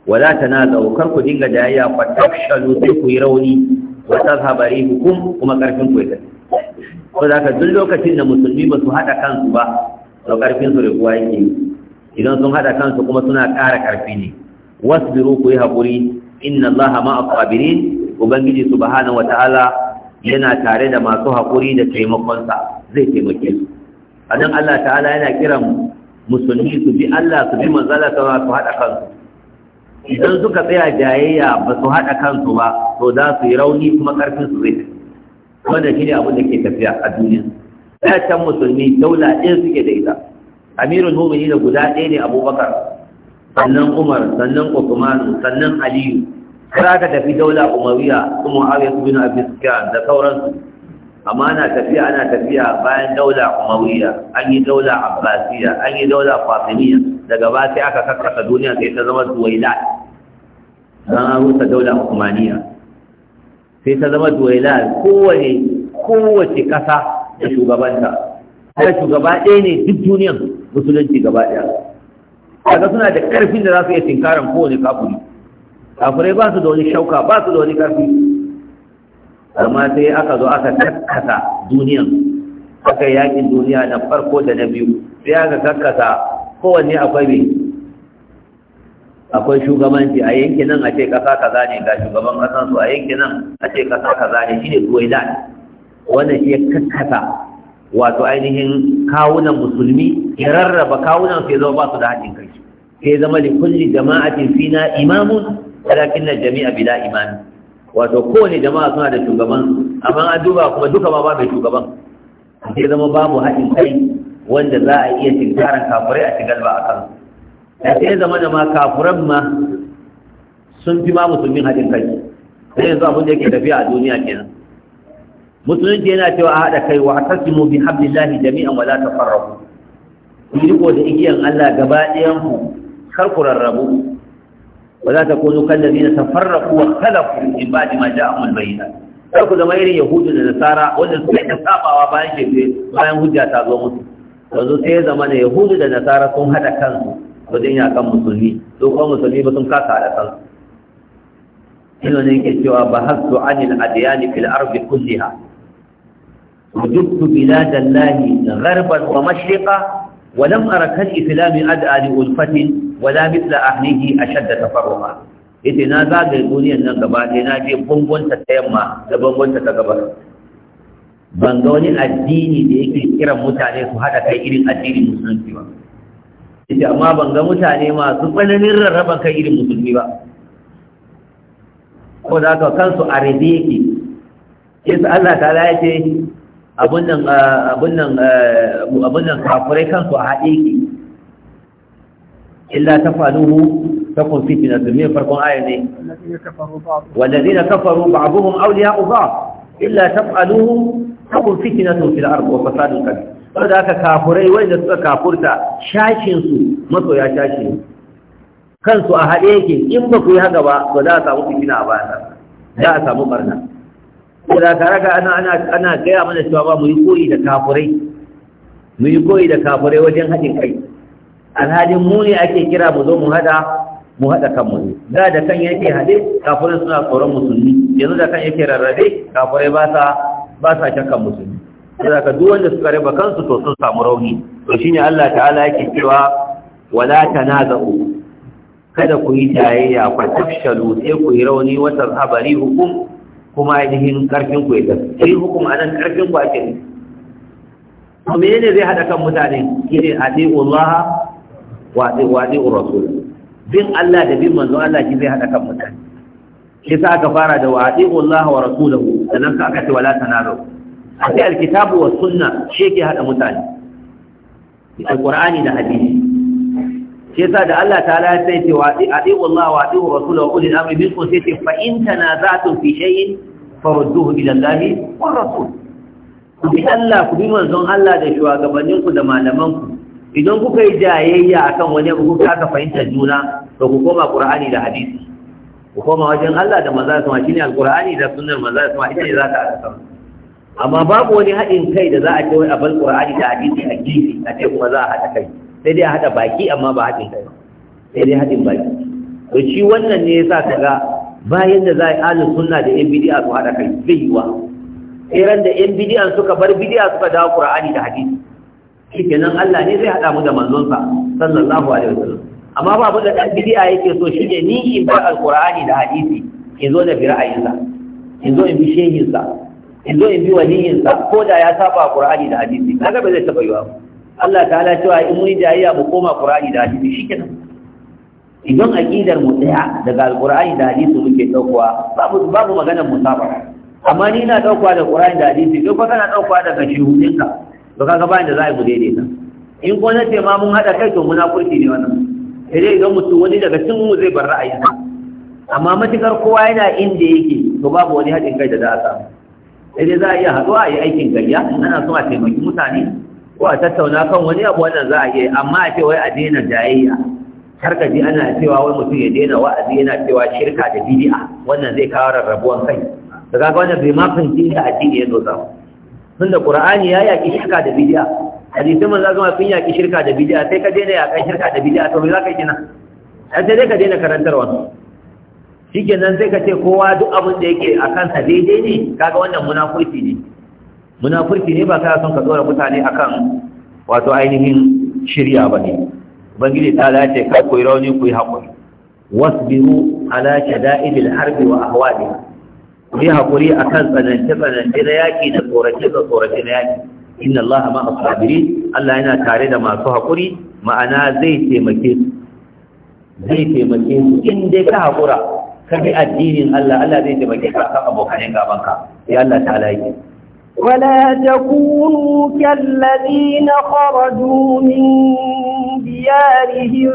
wala ta na ku dinga jayayya fa tafshalu sai ku yi rauni wa tazhaba hukum kuma karfin ku ya ko za ka duk lokacin da musulmi ba su haɗa kansu ba to karfin su rikuwa yake idan sun haɗa kansu kuma suna ƙara karfi ne wasbiru ku yi haƙuri inna allaha ma aqabirin ubangiji subhanahu ta'ala, yana tare da masu haƙuri da taimakonsa zai taimake su a Allah ta'ala yana kiran musulmi su bi Allah su bi manzala sama su haɗa kansu idan suka tsaya jayayya ba su haɗa kansu ba to za su yi rauni kuma ƙarfin su zai wanda shi ne abin da ke tafiya a duniya ɗayan musulmi daula ɗaya suke da ita amirul mumini da guda ɗaya ne abubakar sannan umar sannan usman sannan aliyu sai aka tafi daula umawiya su muawiya su bin abi da sauransu amma ana tafiya ana tafiya bayan daula umawiya an yi daula abbasiya an yi daula fatimiya daga ba sai aka kakkasa duniya sai ta zama duwaila don an rusa daula umaniya sai ta zama duwaila kowane kowace ƙasa da shugabanta kada shugaba ɗaya ne duk duniyan musulunci gaba ɗaya kaga suna da ƙarfin da za su iya tinkaran kowane kafuri kafurai ba su da wani shauka ba su da wani ƙarfi amma sai aka zo aka kakkasa duniyan aka yakin duniya na farko da na biyu sai aka kakkasa kowanne akwai mai akwai shugabanci a yanki nan a ce kasa kaza ne ga shugaban kasan su a yanki nan a ce kasa kaza ne shine da wannan shi ya kakkasa wato ainihin kawunan musulmi ya rarraba kawunan sai zama ba su da haɗin kai sai zama da kulli jama'atin fina imamun walakin na jami'a bila imami wato kowane jama'a suna da shugaban amma an duba kuma duka ma ba mai shugaban sai zama babu haɗin kai wanda za a iya tinkaran kafurai a shigar ba a kan da sai zama da ma kafuran ma sun fi ma musulmin haɗin kai sai yanzu abin da yake tafiya a duniya kenan musulunci yana cewa a haɗa kai wa tasimu bi hablillahi jami'an wala tafarraqu ku riko da igiyan Allah gaba ɗayan ku kar ku rarrabu ولا تكونوا كالذين تفرقوا واختلفوا من بعد ما جاءهم البينات kar ku zama irin yahudu da nasara wanda suka yi sabawa bayan shekwe bayan hujja ta zo musu yanzu sai ya yahudu da nasara sun haɗa kansu wajen yakan musulmi su kuma musulmi ba sun kasa haɗa kansu ina ne yake cewa ba hasu anil adiyani fil ardi kulliha وجدت بلاد الله غربا ومشرقا ولم أرى كالإسلام أدعى لألفة wala misla ahlihi ashadda tafarruqa yace na zagaye duniyan nan gaba ɗaya na je bangonta ta yamma da bangonta ta gaba ban ga wani addini da yake kiran mutane su haɗa kai irin addinin musulunci ba yace amma ban ga mutane masu tsananin rarraba kai irin musulmi ba ko da haka kansu a rabe yake yace Allah ta ya ce abun nan ah, abun nan ah, abun nan kafurai kansu a haɗe yake illa tafaluhu takun fitnatun me farkon ayar ne wallazina kafaru ba'dhum awliya'u ba'd illa taf'aluhu takun fitnatun fil ardi wa fasadun kabir saboda haka kafurai da suka kafurta shashin su masoya shashi kansu a haɗe yake in ba ku yi haka ba ba za a samu fitina a baya za a samu barna da karaka ana ana ana gaya mana cewa ba mu yi koyi da kafurai mu yi koyi da kafurai wajen haɗin kai alhalin mu ne ake kira mu zo mu hada mu hada kan mu da da kan yake hade kafirai suna tsoron musulmi yanzu da kan yake rarrabe kafirai ba sa ba sa shakkan musulmi saboda ka duk wanda suka raba kansu to sun samu rauni to shine Allah ta'ala yake cewa wala tanazu kada ku yi tayayya fa tafshalu sai ku yi rauni wata habari hukum kuma ainihin karfin ku ya tafi hukum anan karfin ku ake ne to menene zai hada kan mutane shine wallahi wadi wadi rasul bin Allah da bin manzo Allah shi zai hada kan mutane shi sa aka fara da wadi Allah wa rasuluhu sannan ka aka ce wala tanaru sai alkitabu wa sunna shi ke hada mutane alqur'ani da hadisi shi sa da Allah ta'ala sai ce wadi adi Allah wa adi rasuluhu ulil amri minkum sai ce fa in tanaza'tum fi shay'in farudduhu ila Allah wa rasul ku bi Allah ku bi manzon Allah da shugabanninku da malamanku. idan kuka yi jayayya akan wani abu kuka ka fahimta juna to ku koma qur'ani da hadisi ku koma wajen Allah da manzo sama shine alqur'ani da sunnar manzo sama ita ne za ta asama amma babu wani haɗin kai da za a ce wai abal qur'ani da hadisi a gefe a ce kuma za a haɗa kai sai dai a haɗa baki amma ba haɗin kai sai dai haɗin baki to shi wannan ne yasa ka ga bayan da za a yi ahlus sunna da yan bid'a su haɗa kai zai yi sai ran da yan bid'a suka bar bidiya suka dawo qur'ani da hadisi shikenan Allah ne zai hada mu da manzonsa sallallahu alaihi wasallam amma ba da dan bid'a yake so shi ne ni in bar alqur'ani da hadisi in zo da bira'ayinsa in zo in bi shehinsa in zo in bi waliyinsa ko da ya saba alqur'ani da hadisi kaga ba zai taba yiwa Allah ta'ala cewa in mun jayayya mu koma alqur'ani da hadisi nan. idan aqidar mu tsaya daga alqur'ani da hadisi muke ɗaukowa babu babu maganar musabara amma ni na ɗaukowa da ƙur'ani da hadisi ko ba kana ɗaukowa daga shuhudinka to kaga ba inda za a yi mu daidaita in ko na ce ma mun haɗa kai to munafurci ne wannan sai dai idan mutum wani daga cin mu zai bar ra'ayinsa amma matukar kowa yana inda yake to babu wani haɗin kai da za a samu sai dai za a iya haɗuwa a yi aikin gayya ana so a taimaki mutane ko a tattauna kan wani abu wannan za a yi? amma a ce wai a daina jayayya har ka ji ana cewa wai mutum ya daina wa'azi yana cewa shirka da bid'a wannan zai kawo rarrabuwan kai da kaga wannan bai ma fahimci da addini ya zo tunda qur'ani ya yaki shirka da bid'a hadisi man zaka sun yaki shirka da bid'a sai ka daina yakan shirka da bid'a to me zaka yi kina sai dai ka daina karantarwa shikenan sai ka ce kowa duk abin da yake a kansa daidai ne kaga wannan munafurci ne munafurci ne ba ka son ka tsora mutane akan wato ainihin shirya ba ne ubangiji ta lace ka koyi rauni ku yi haƙuri wasbiru ala shada'idil harbi wa ahwalih ku yi haƙuri a kan tsanance-tsanance na yaƙi da tsorace-tsorace na yaƙi inna Allah ma asabiri Allah yana tare da masu haƙuri ma'ana zai taimake su zai taimake su in dai ka haƙura ka bi addinin Allah Allah zai taimake ka kan abokanin gabanka Ya Allah ta alayi ولا تكونوا كالذين خرجوا من ديارهم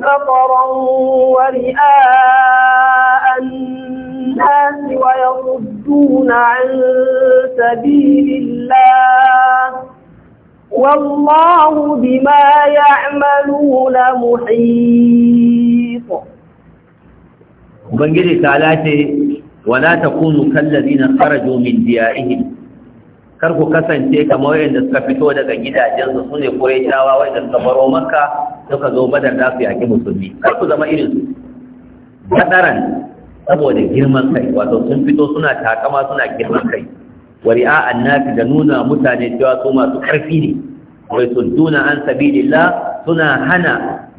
بطرا ورئاء الناس ويردون عن سبيل الله والله بما يعملون محيط وبنجد تعالى ولا تكونوا كالذين خرجوا من ديارهم kar ku kasance kamar wanda suka fito daga gidajensu su ne kuraitawa wanda suka baro makka suka zo badar da su yaƙi musulmi kar ku zama irin su badaran saboda girman kai wato sun fito suna takama suna girman kai wari'a annafi da nuna mutane cewa su masu ƙarfi ne wai sudduna an sabilillah suna hana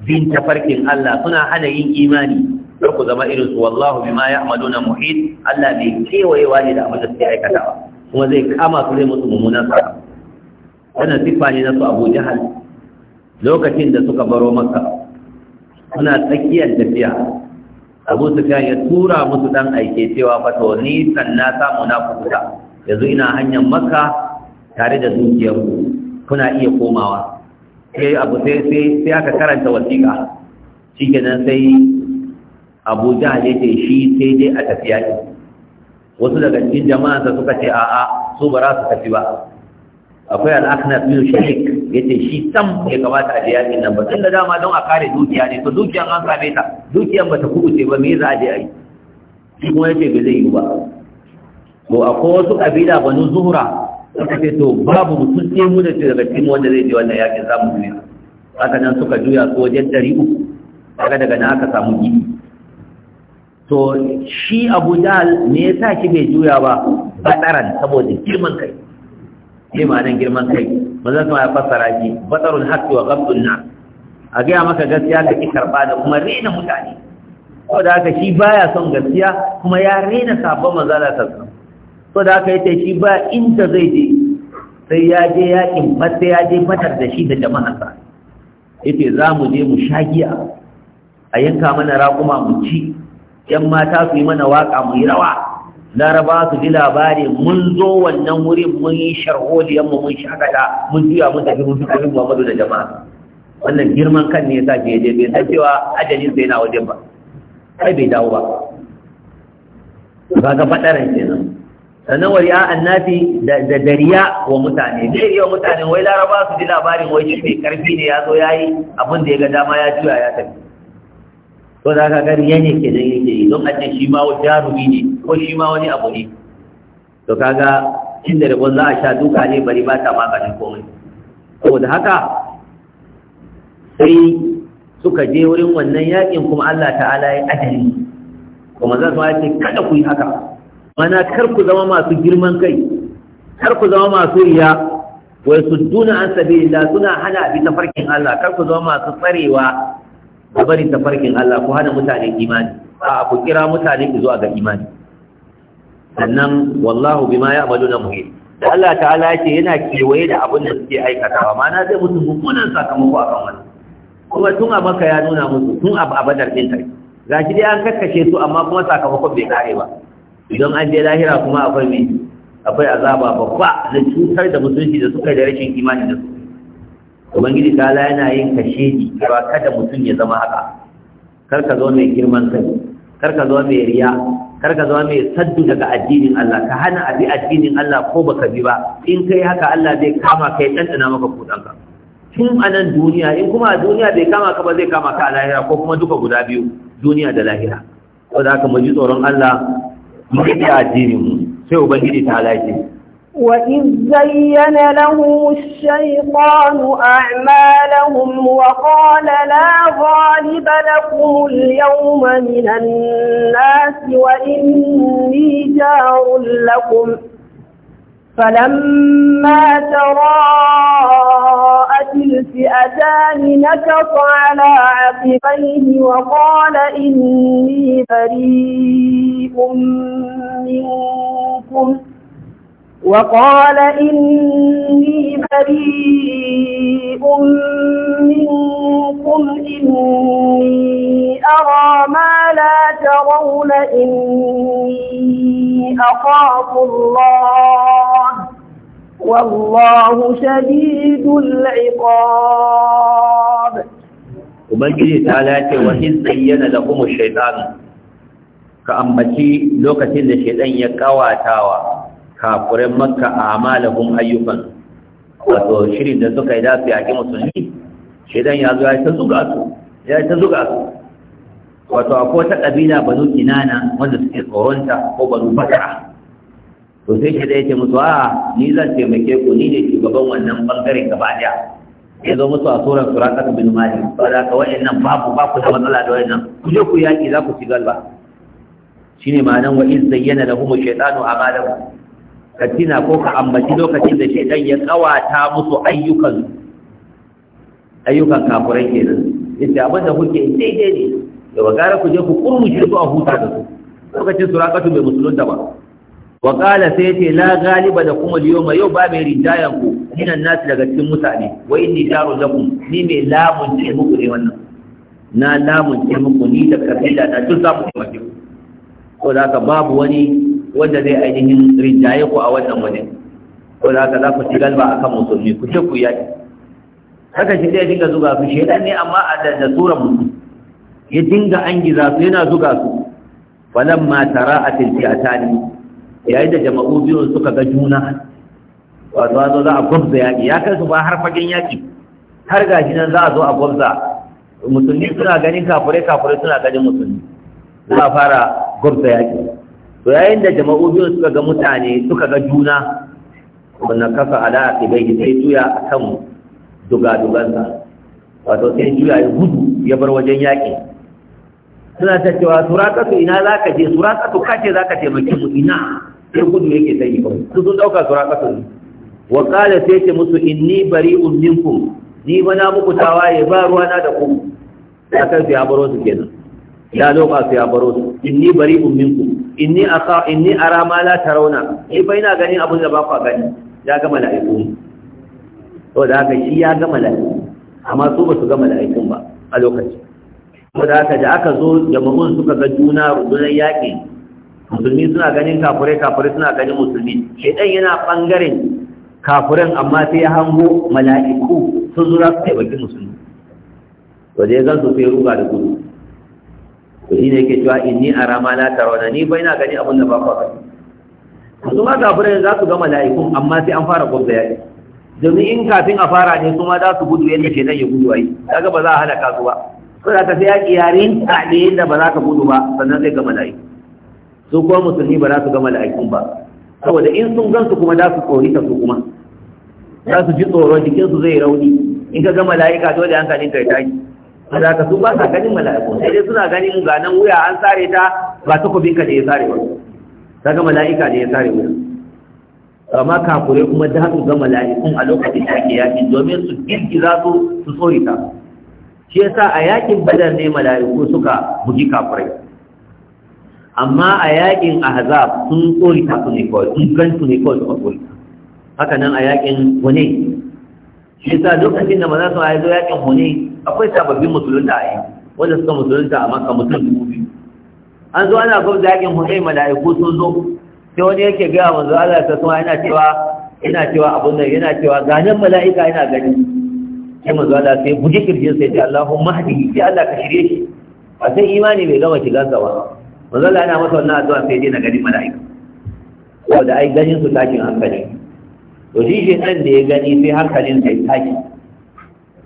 bin tafarkin Allah suna hana yin imani kar ku zama irin su wallahu bima ya'maluna muhit Allah bai kewayewa ne da abin da suke aikatawa kuma zai kama su zai musu mummunan sa wannan ne na su Abu Jahal lokacin da suka baro Makka suna tsakiyar tafiya abu ya tura musu dan aike cewa fa ni na samu na kuta yanzu ina hanyar maka tare da dukiyar ku kuna iya komawa sai abu sai sai sai aka karanta wasiƙa shikenan sai abu jahal ya ce shi sai dai a tafiya wasu daga cikin jama'ansa suka ce a'a su ba za su tafi ba akwai al'akna bin shirik ya ce shi sam ya kamata a je yakin nan ba tun da dama don a kare dukiya ne to dukiya an same ta dukiyan ba ta kubuce ba me za a je a yi shi kuma ya ce ba zai yi ba to akwai wasu kabila nu zuhura suka ce to babu mutum sai mu da daga cikin wanda zai je wannan yakin za mu juya haka nan suka juya su wajen ɗari uku daga daga na aka samu gidi to shi abu jahal me yasa shi bai juya ba ɗaran saboda girman kai ne nan girman kai manzon sama ya fassara shi batarul haqqi wa ghamdun nas a gaya maka gaskiya ka ki karba da kuma rena mutane saboda haka shi baya son gaskiya kuma ya rena sabon manzala ta sa saboda haka yace shi ba inda zai je sai ya je yakin fata ya je fatar da shi da jama'a sa yace za mu je mu shagiya a yanka mana raƙuma mu ci yan mata su yi mana waƙa mu yi rawa laraba su ji labari mun zo wannan wurin mun yi sharholiyanmu mun shakata mun juya mun tafi mun tafi muhammadu da jama'a wannan girman kan ne ya sa ke je bai san ajalin sai na wajen ba kai bai dawo ba kaga fadaran nan sannan wari a annafi da dariya wa mutane dariya wa mutane wai laraba su ji labarin wai shi mai karfi ne ya zo ya yi abin da ya ga dama ya juya ya tafi ko za ka gari yane ne yake yi don a ce shi ma jarumi ne ko shi ma wani abu ne to kaga inda rabon za a sha duka ne bari ba ta maganin komai saboda haka sai suka je wurin wannan yakin kuma Allah ta'ala ya adali kuma za su ce kada ku yi haka mana kar ku zama masu girman kai kar ku zama masu riya wai su duna an sabilillah suna hana bi tafarkin Allah kar ku zama masu tsarewa da bari tafarkin Allah ku hana mutane imani a ku kira mutane ku zuwa ga imani sannan wallahu bima na muhit da Allah ta'ala ce yana kewaye da abin da suke aikatawa na zai mutu mummunan sakamako kan wani kuma tun a maka ya nuna musu tun a abadar ɗin tare ga dai an kakkashe su amma kuma sakamakon bai kare ba idan an je lahira kuma akwai mai akwai azaba babba na cutar da musulunci da suka da rashin imani da su ubangiji ta'ala yana yin kashe ni ba kada mutum ya zama haka kar ka zo mai girman kai kar ka zo mai riya kar ka zama mai saddu daga addinin Allah ka hana abi addinin Allah ko baka bi ba in kai haka Allah zai kama ka ya ɗanɗana maka ka tun a nan duniya in kuma a duniya bai kama ka ba zai kama ka a lahira ko kuma duka guda biyu duniya da lahira ko da haka mu ji tsoron Allah mu riƙe addinin mu sai ubangiji ta lafiya وإذ زين لهم الشيطان أعمالهم وقال لا غالب لكم اليوم من الناس وإني جار لكم فلما تراءت الفئتان نكص على عقبيه وقال إني بريء منكم وقال إني بريء منكم إني أرى ما لا ترون إني أخاف الله والله شديد العقاب Ubangiji ta lace wa zayyana da kuma shaitan ka ambaci lokacin da shaitan ya kawatawa kafuran makka a amalahum ayyukan wato shirin da suka yi da su yaƙi musulmi shaidan ya zo ya ta zuga su ya ta zuga su wato akwai wata ƙabila banu kinana wanda suke tsoronta ko banu bakara to sai shi ya ce musu a ni zan taimake ku ni ne shugaban wannan bangaren gaba daya ya zo musu a tsoron suraka ta bin mali ba da ka nan babu babu da matsala da nan ku je ku yaƙi za ku ci galba shine ma'anan wa iz zayyana lahum shaytanu a'malahum ka tina ko ka ambaci lokacin da shaitan ya tsawata musu ayyukan ayyukan kafurai kenan yace abin da kuke daidai ne da wagara ku je ku kurmushe su a huta da su lokacin surakatu bai musulunta ba wa qala sai yace la galiba da kuma yawma yau ba mai rijayan ku minan nasu daga cikin mutane wa inni jaru lakum ni mai lamun ce muku ne wannan na lamun ce muku ni da kabila na duk za ku ku ko da haka babu wani wanda zai ainihin rinjaye ku a wannan wani. ko da haka za ku ci a kan musulmi ku ce ku yaki haka shi zai dinga zuga su shi ne amma a da suran musu ya dinga an giza su yana zuga su falan ma tara a tani yayin da jama'u biyu suka ga juna wato zo za a gwabza yaƙi ya kai su ba har fagen yaƙi har gashi nan za a zo a gwabza musulmi suna ganin kafure-kafure suna ganin musulmi za a fara gwabza yaƙi to yayin da jama'u biyun suka ga mutane suka ga juna wanda kafa ala a bai sai juya a kan dugansa wato sai juya ya gudu ya bar wajen yaƙi suna ta cewa surakatu ina za ka je surakatu ka ce za ka taimake mu ina sai gudu yake ta yi kawai su sun ɗauka surakatu ne wa ƙala sai ce musu inni bari minkum ni ba na muku tawaye ba ruwana da ku a kan su ya baro su kenan ya loka su ya baro su inni bari umminku inni aka inni ara ma la tarawna ni bai na ganin abin da ba ku gani ya ga mala'iku to da haka shi ya ga mala'iku amma su ba su ga mala'ikun ba a lokacin to da haka da aka zo jama'un suka ga juna rundunar yaƙi musulmi suna ganin kafure-kafure, suna ganin musulmi shedan yana bangaren kafuran amma sai ya hango mala'iku sun zura su taimaki musulmi to da ya zan su sai ruga da gudu to ne yake cewa inni ara ma la tarawana ni bai na gani abin da ba ku gani su ma kafirai za su ga mala'ikun amma sai an fara gwabza yaki domin in kafin a fara ne su ma za su gudu yadda ke nan ya gudu ai kaga ba za a halaka su ba ko da ka sai yaki yarin ta ɗayan da ba za ka gudu ba sannan sai ga mala'iku su kuma musulmi ba za su ga mala'ikun ba saboda in sun gansu kuma za su tsori ta su kuma za su ji tsoron jikinsu zai rauni in ka ga mala'ika dole an ka ya tashi da ka su ba sa ganin mala'iku sai dai suna ganin ga nan wuya an sare ta ba ka da ya sare ba daga mala'ika da ya sare wuya amma kafure kuma da haɗu ga mala'ikun a lokacin da ake yaƙi domin su girgiza su su tsori ta shi yasa a yaƙin badar ne mala'iku suka bugi kafure? amma a yaƙin ahzab sun tsori ta su ne kawai sun gan su ne kawai suka tsori haka nan a yaƙin hune shi yasa lokacin da maza su a yaƙin hune akwai sababbin musulunta a yi wanda suka musulunta a maka mutum dubu biyu an zo ana gwamza yakin hukai mala'iku sun zo sai wani yake gaya manzo Allah ta suma yana cewa yana cewa abun nan yana cewa ganin mala'ika yana gani sai manzo Allah sai buge kirjin sai ta Allahumma mahadi sai Allah ka shirye shi a sai imani bai gama shiga sa ba manzo Allah yana masa wannan addu'a sai dai na gani mala'ika saboda ai ganin su tashin hankali to shi shi nan da ya gani sai hankalin sai tashi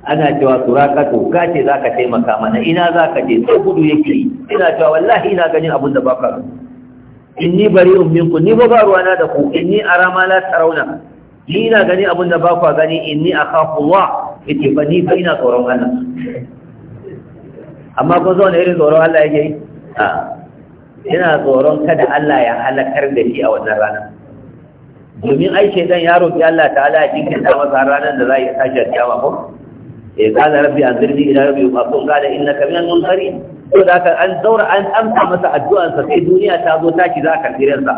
ana cewa suraqatu ka ce za ka taimaka mana ina za ka je sai gudu yake ina cewa wallahi ina ganin abin da baka bari in minku ni ba ruwa na da ku in a arama la tsarauna ni ina ganin abin da baka gani a kafuwa ya ce ba ni fa ina tsoron ana amma kun zo ne irin tsoron Allah yake yi a ina tsoron kada Allah ya halakar da shi a wannan rana. domin aike dan yaro ki Allah ta'ala ya jinkirta masa ranar da za a yi sake kiyama ko eh kana rabbi anzirni ila rabbi aqum kana innaka minal munzirin to da kan an daura an amsa masa addu'an sa sai duniya ta zo taki za ka kire sa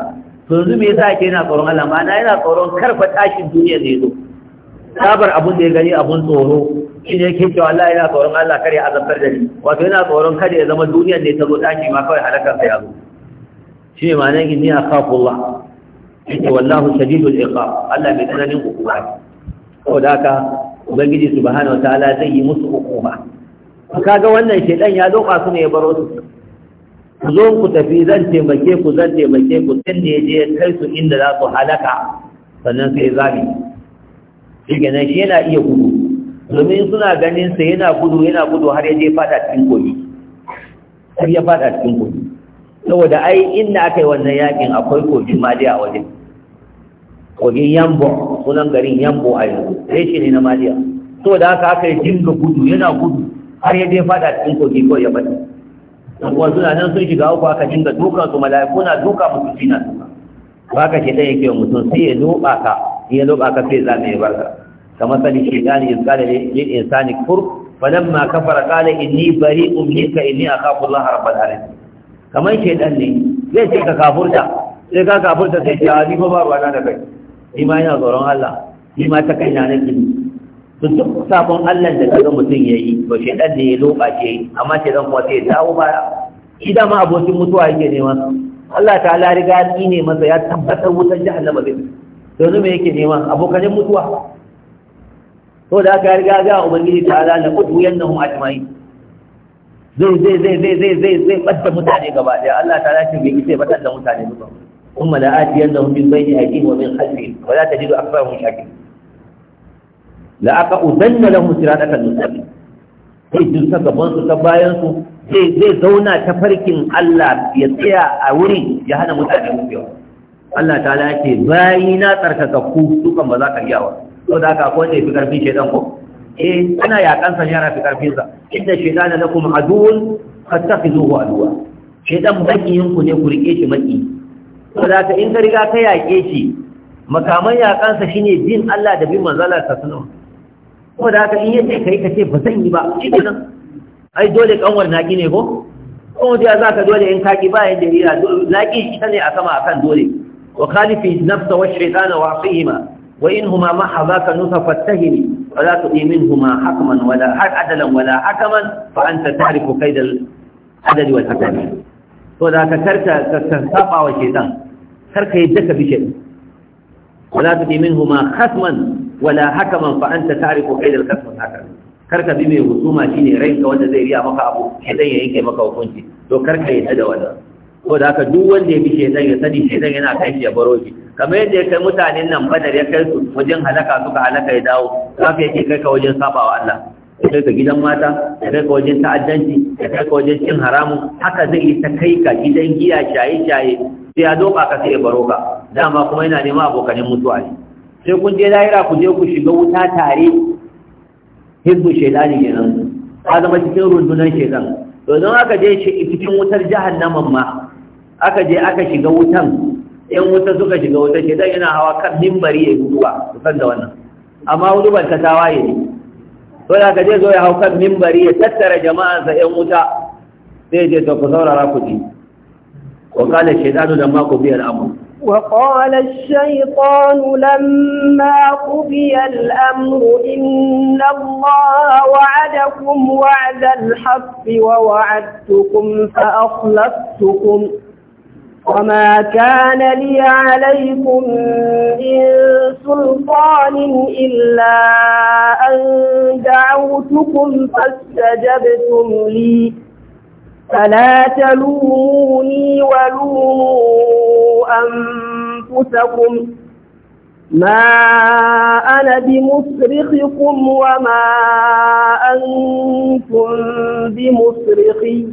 to yanzu me yasa yake yana tsoron Allah ma na yana tsoron karfa tashin duniya zai zo sabar abun da ya gani abun tsoro shi ne yake cewa Allah yana tsoron Allah kare azabtar da ni wato yana tsoron kada ya zama duniyar ne ta zo daki ma kawai halakar sa ya zo shi ne ma'anar inni akhafullah yake wallahu shadidul iqab Allah mai tsananin hukuma ko da haka ubangiji subhanahu wataala zai yi musu hukuma kaga wannan shedan ya doka su ne ya baro su ku zo ku tafi zan taimake ku zan taimake ku sai ne je kai su inda za su halaka sannan sai zabi shi nan shi yana iya gudu domin suna ganin sa yana gudu yana gudu har ya je fada cikin koyi har ya fada cikin koyi saboda ai inda aka yi wannan yakin akwai kogin ma dai a wajen kogin yambo sunan garin yambo a yanzu reshe ne na maliya to da aka aka yi dinga gudu yana gudu har ya fada cikin kogi ko ya bata kuma suna nan sun shiga uku aka dinga dukan su mala'iku na duka musu shi na duka ba ka shedan yake wa mutum sai ya loba ka in ya loba ka sai za mu yi barka kamar sani shedani ya tsara lil insani kur falamma kafara qala inni bari'un minka inni akhafu Allah rabbal alamin kamar shedan ne zai ce ka kafurta sai ka kafurta sai ya ni ba ba na da kai ni ma yana tsoron Allah ni ma ta kaina kanya nake to duk sabon Allah da kaga mutum yayi ba shi dan ne ya lokace amma ce dan kuma sai dawo baya shi da ma abokin mutuwa yake nema Allah ta'ala riga ya ne masa ya tabbatar wutar jahannama zai to ne me yake nema abokan mutuwa to da aka riga ga ubangiji ta'ala la qutu yanahum ajma'in zai zai zai zai zai zai zai batta mutane gaba daya Allah ta'ala shi bai kice batta mutane ba ثم لآتينهم من بين أيديهم ومن خلفهم ولا تجد أكثرهم شاكرين لأقعدن لهم صراطك المستقيم zai dusa su ta bayan bayansu zai zauna ta farkin Allah ya tsaya a wuri ya hana mutane mutuwa Allah ta ala ce bayi na tsarkaka ku dukan ba za ka yawa to da haka akwai wanda fi karfin shaidan ko eh ana yakan sa yara fi karfin sa inda shaidan na kuma aduwun fattafizuhu aduwa shaidan makiyin ku ne ku rike shi maki da ka in ka riga ka yaƙe shi makaman yaƙansa shi ne bin Allah da bin manzala ta kuma da haka in yace kai ka ce ba zan yi ba shi nan ai dole kanwar naki ne ko ko ya za ka dole in kaki ba yanda iya shi ita ne a sama akan dole wa khalifi nafsa wa shaytana wa asihima wa in huma ma ka nufa fattahimi wa ku imin huma hakaman wala adalan wala hakaman fa ta ta'rifu da adad wal hakam to da ka karta ka saba wa shaytan karka ka yadda ka bi shaidan wala ta bi huma khasman wala ta fa anta kai da khasman haka kar bi mai husuma shine ranka wanda zai riya maka abu shaidan ya yanke maka hukunci to kar ka yadda da wannan ko da haka duk wanda ya bi shaidan ya sani shaidan yana kai shi ya baro shi kamar yadda ya kai mutanen nan badar ya kai su wajen halaka suka halaka ya dawo ka yake kai ka wajen sabawa Allah ya kai ka gidan mata ya kai ka wajen ta'addanci ya kai ka wajen cin haramun haka zai yi ta kai ka gidan giya shaye shaye sai ya doka ka sai ya baro ka dama kuma yana neman abokanin mutuwa ne sai kun je lahira ku je ku shiga wuta tare hizbu shaidani kenan ka zama cikin rundunar shaidan to don aka je cikin wutar jahannaman ma aka je aka shiga wutan yan wuta suka shiga wuta shaidan yana hawa kan mimbari ya yi guduwa kusan da wannan amma wani ban ta tawaye ne to da kaje zo ya haukar minbari ya tattara jama'a sa ɗan wuta وقال الشيطان لما قضي الأمر وقال الشيطان لما قضي الأمر إن الله وعدكم وعد الحق ووعدتكم فاخلصتكم وما كان لي عليكم من سلطان إلا أن دعوتكم فاستجبتم لي فلا تلوموني ولوموا أنفسكم ما أنا بمصرخكم وما أنتم بمصرخي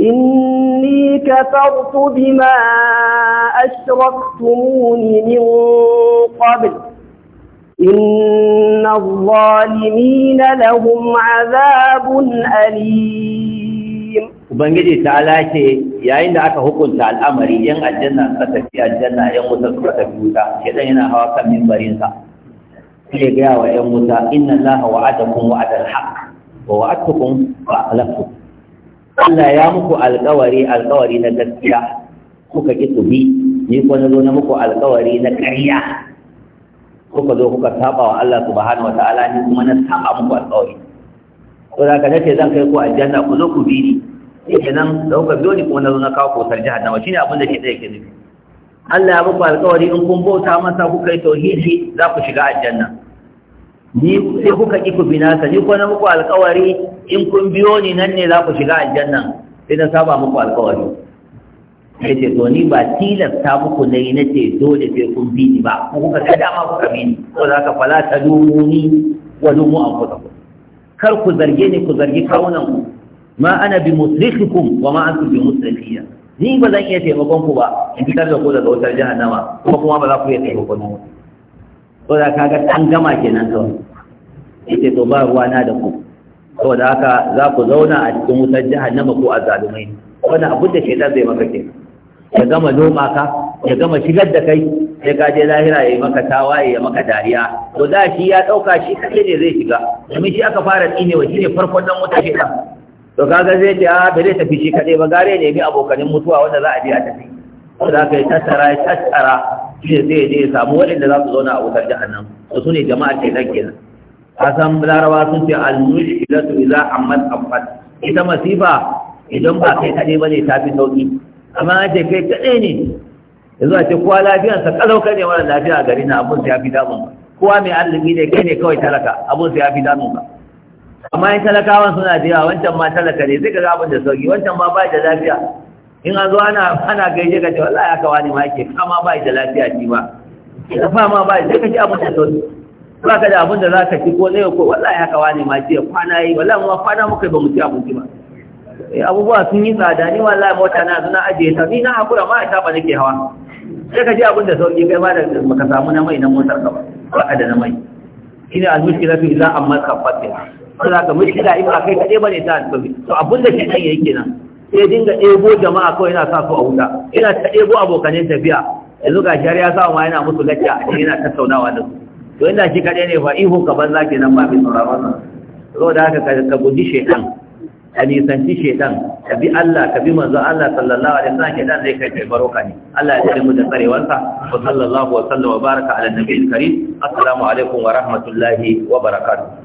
إني كفرت بما أشركتمون من قبل إن الظالمين لهم عذاب أليم Ubangiji ta lace yayin da aka hukunta al'amari ‘yan aljanna suka tafi aljanna ‘yan wuta suka tafi wuta, shaɗan yana hawa kan mimbarinsa, sai gaya wa ‘yan wuta, inna Allah wa'adakun wa'adar haƙ, wa ba Allah ya muku alkawari, alkawari na gaskiya kuka ki ku bi ni ko na zo na muku alkawari na ƙarya kuka zo kuka saba wa Allah subhanahu wataala ni kuma na saba muku alƙawari ko da ka nace zan kai ku aljanna ku zo ku bi ni ke nan da kuka biyo ni kuma na zo na kawo kotar jahannama shine abin da ke da yake nufi Allah ya muku alkawari in kun bauta masa kuka yi tauhidi za ku shiga aljanna ni sai kuka ki ku binasa ni ko na muku alƙawari in kun biyo ni nan ne za ku shiga aljanna sai na saba muku alƙawari ya ce to ni ba tilasta muku na yi na ce dole sai kun bi ni ba ko kuka kada ma kuka bi ni ko za ka fala ta dumu wa dumu an kuka kar ku zarge ni ku zargi kaunan ku ma ana bi musrikhikum wa ma antum bi musrikhiya ni ba zan iya taimakon ku ba in fitar da ku daga wutar jahannama kuma kuma ba za ku iya taimakon ku Ko da kaga an gama kenan kawai yace to ba ruwa na da ku saboda haka za ku zauna a cikin wutar jahannama ko a zalumai wannan abin da shaitan zai maka ke ya gama noma ka ya gama shigar da kai sai ka je lahira ya yi maka tawaye ya maka dariya to da shi ya ɗauka shi kaɗai ne zai shiga domin shi aka fara tsinewa shi ne farkon nan wuta shaitan to kaga zai ce a ah, bai tafi shi kaɗai ba gare ne bi abokanin mutuwa wanda za a je a tafi da aka yi tattara ya tattara shi zai je ya samu waɗanda za su zauna a wutar jahannan to su ne jama'ar nan kenan asan larawa sun ce al su iza amman amfan. ita masifa idan ba kai kaɗai ba ne ta fi sauƙi amma an ce kai kaɗai ne yanzu a ce kowa sa, ƙalau kai ne wani lafiya a gari na abun su ya fi damun ba kowa mai arziki ne kai ne kawai talaka abun su ya fi damun ba amma in talakawan suna da yawa wancan ma talaka ne zai ga abin da sauƙi wancan ma bai da lafiya in an zo ana ana gaishe ka ce wallahi haka wani ma yake kama bai da lafiya shi ba da fama bai da kaji abun da sauƙi ba ka da abin da za ka ci ko ɗaya ko wallahi haka wani ma jiya kwana yi wallahi ma kwana muka yi ba mu ci abinci ba eh, abubuwa sun yi tsada ni wallahi mota na zuna ajiye ta ni na hakura ma ta ba nake hawa sai ka ji abin da sauki kai ma da maka samu na mai na motar ka ba ba ka da na mai shine al-mushkila fi idza amma khaffatiha sai ka miski da ima kai kaɗai bane ta alfabi to abin da shedan yake kenan sai dinga ɗebo jama'a kawai yana sa su a wuta yana ta ɗebo abokanen tafiya yanzu ga shari'a sa ma yana musu lacca yana tattaunawa da su to inda shi kaɗai ne fa ihu ka banza ke nan ba bi sauraron sa da haka ka guji shaitan ka nisanci shaitan ka bi Allah ka bi manzon Allah sallallahu alaihi wasallam shaitan zai kai kai baroka ne Allah ya tsare mu da tsarewarsa wa sallallahu wa sallam wa baraka ala nabiyil karim assalamu alaikum wa rahmatullahi wa barakatuh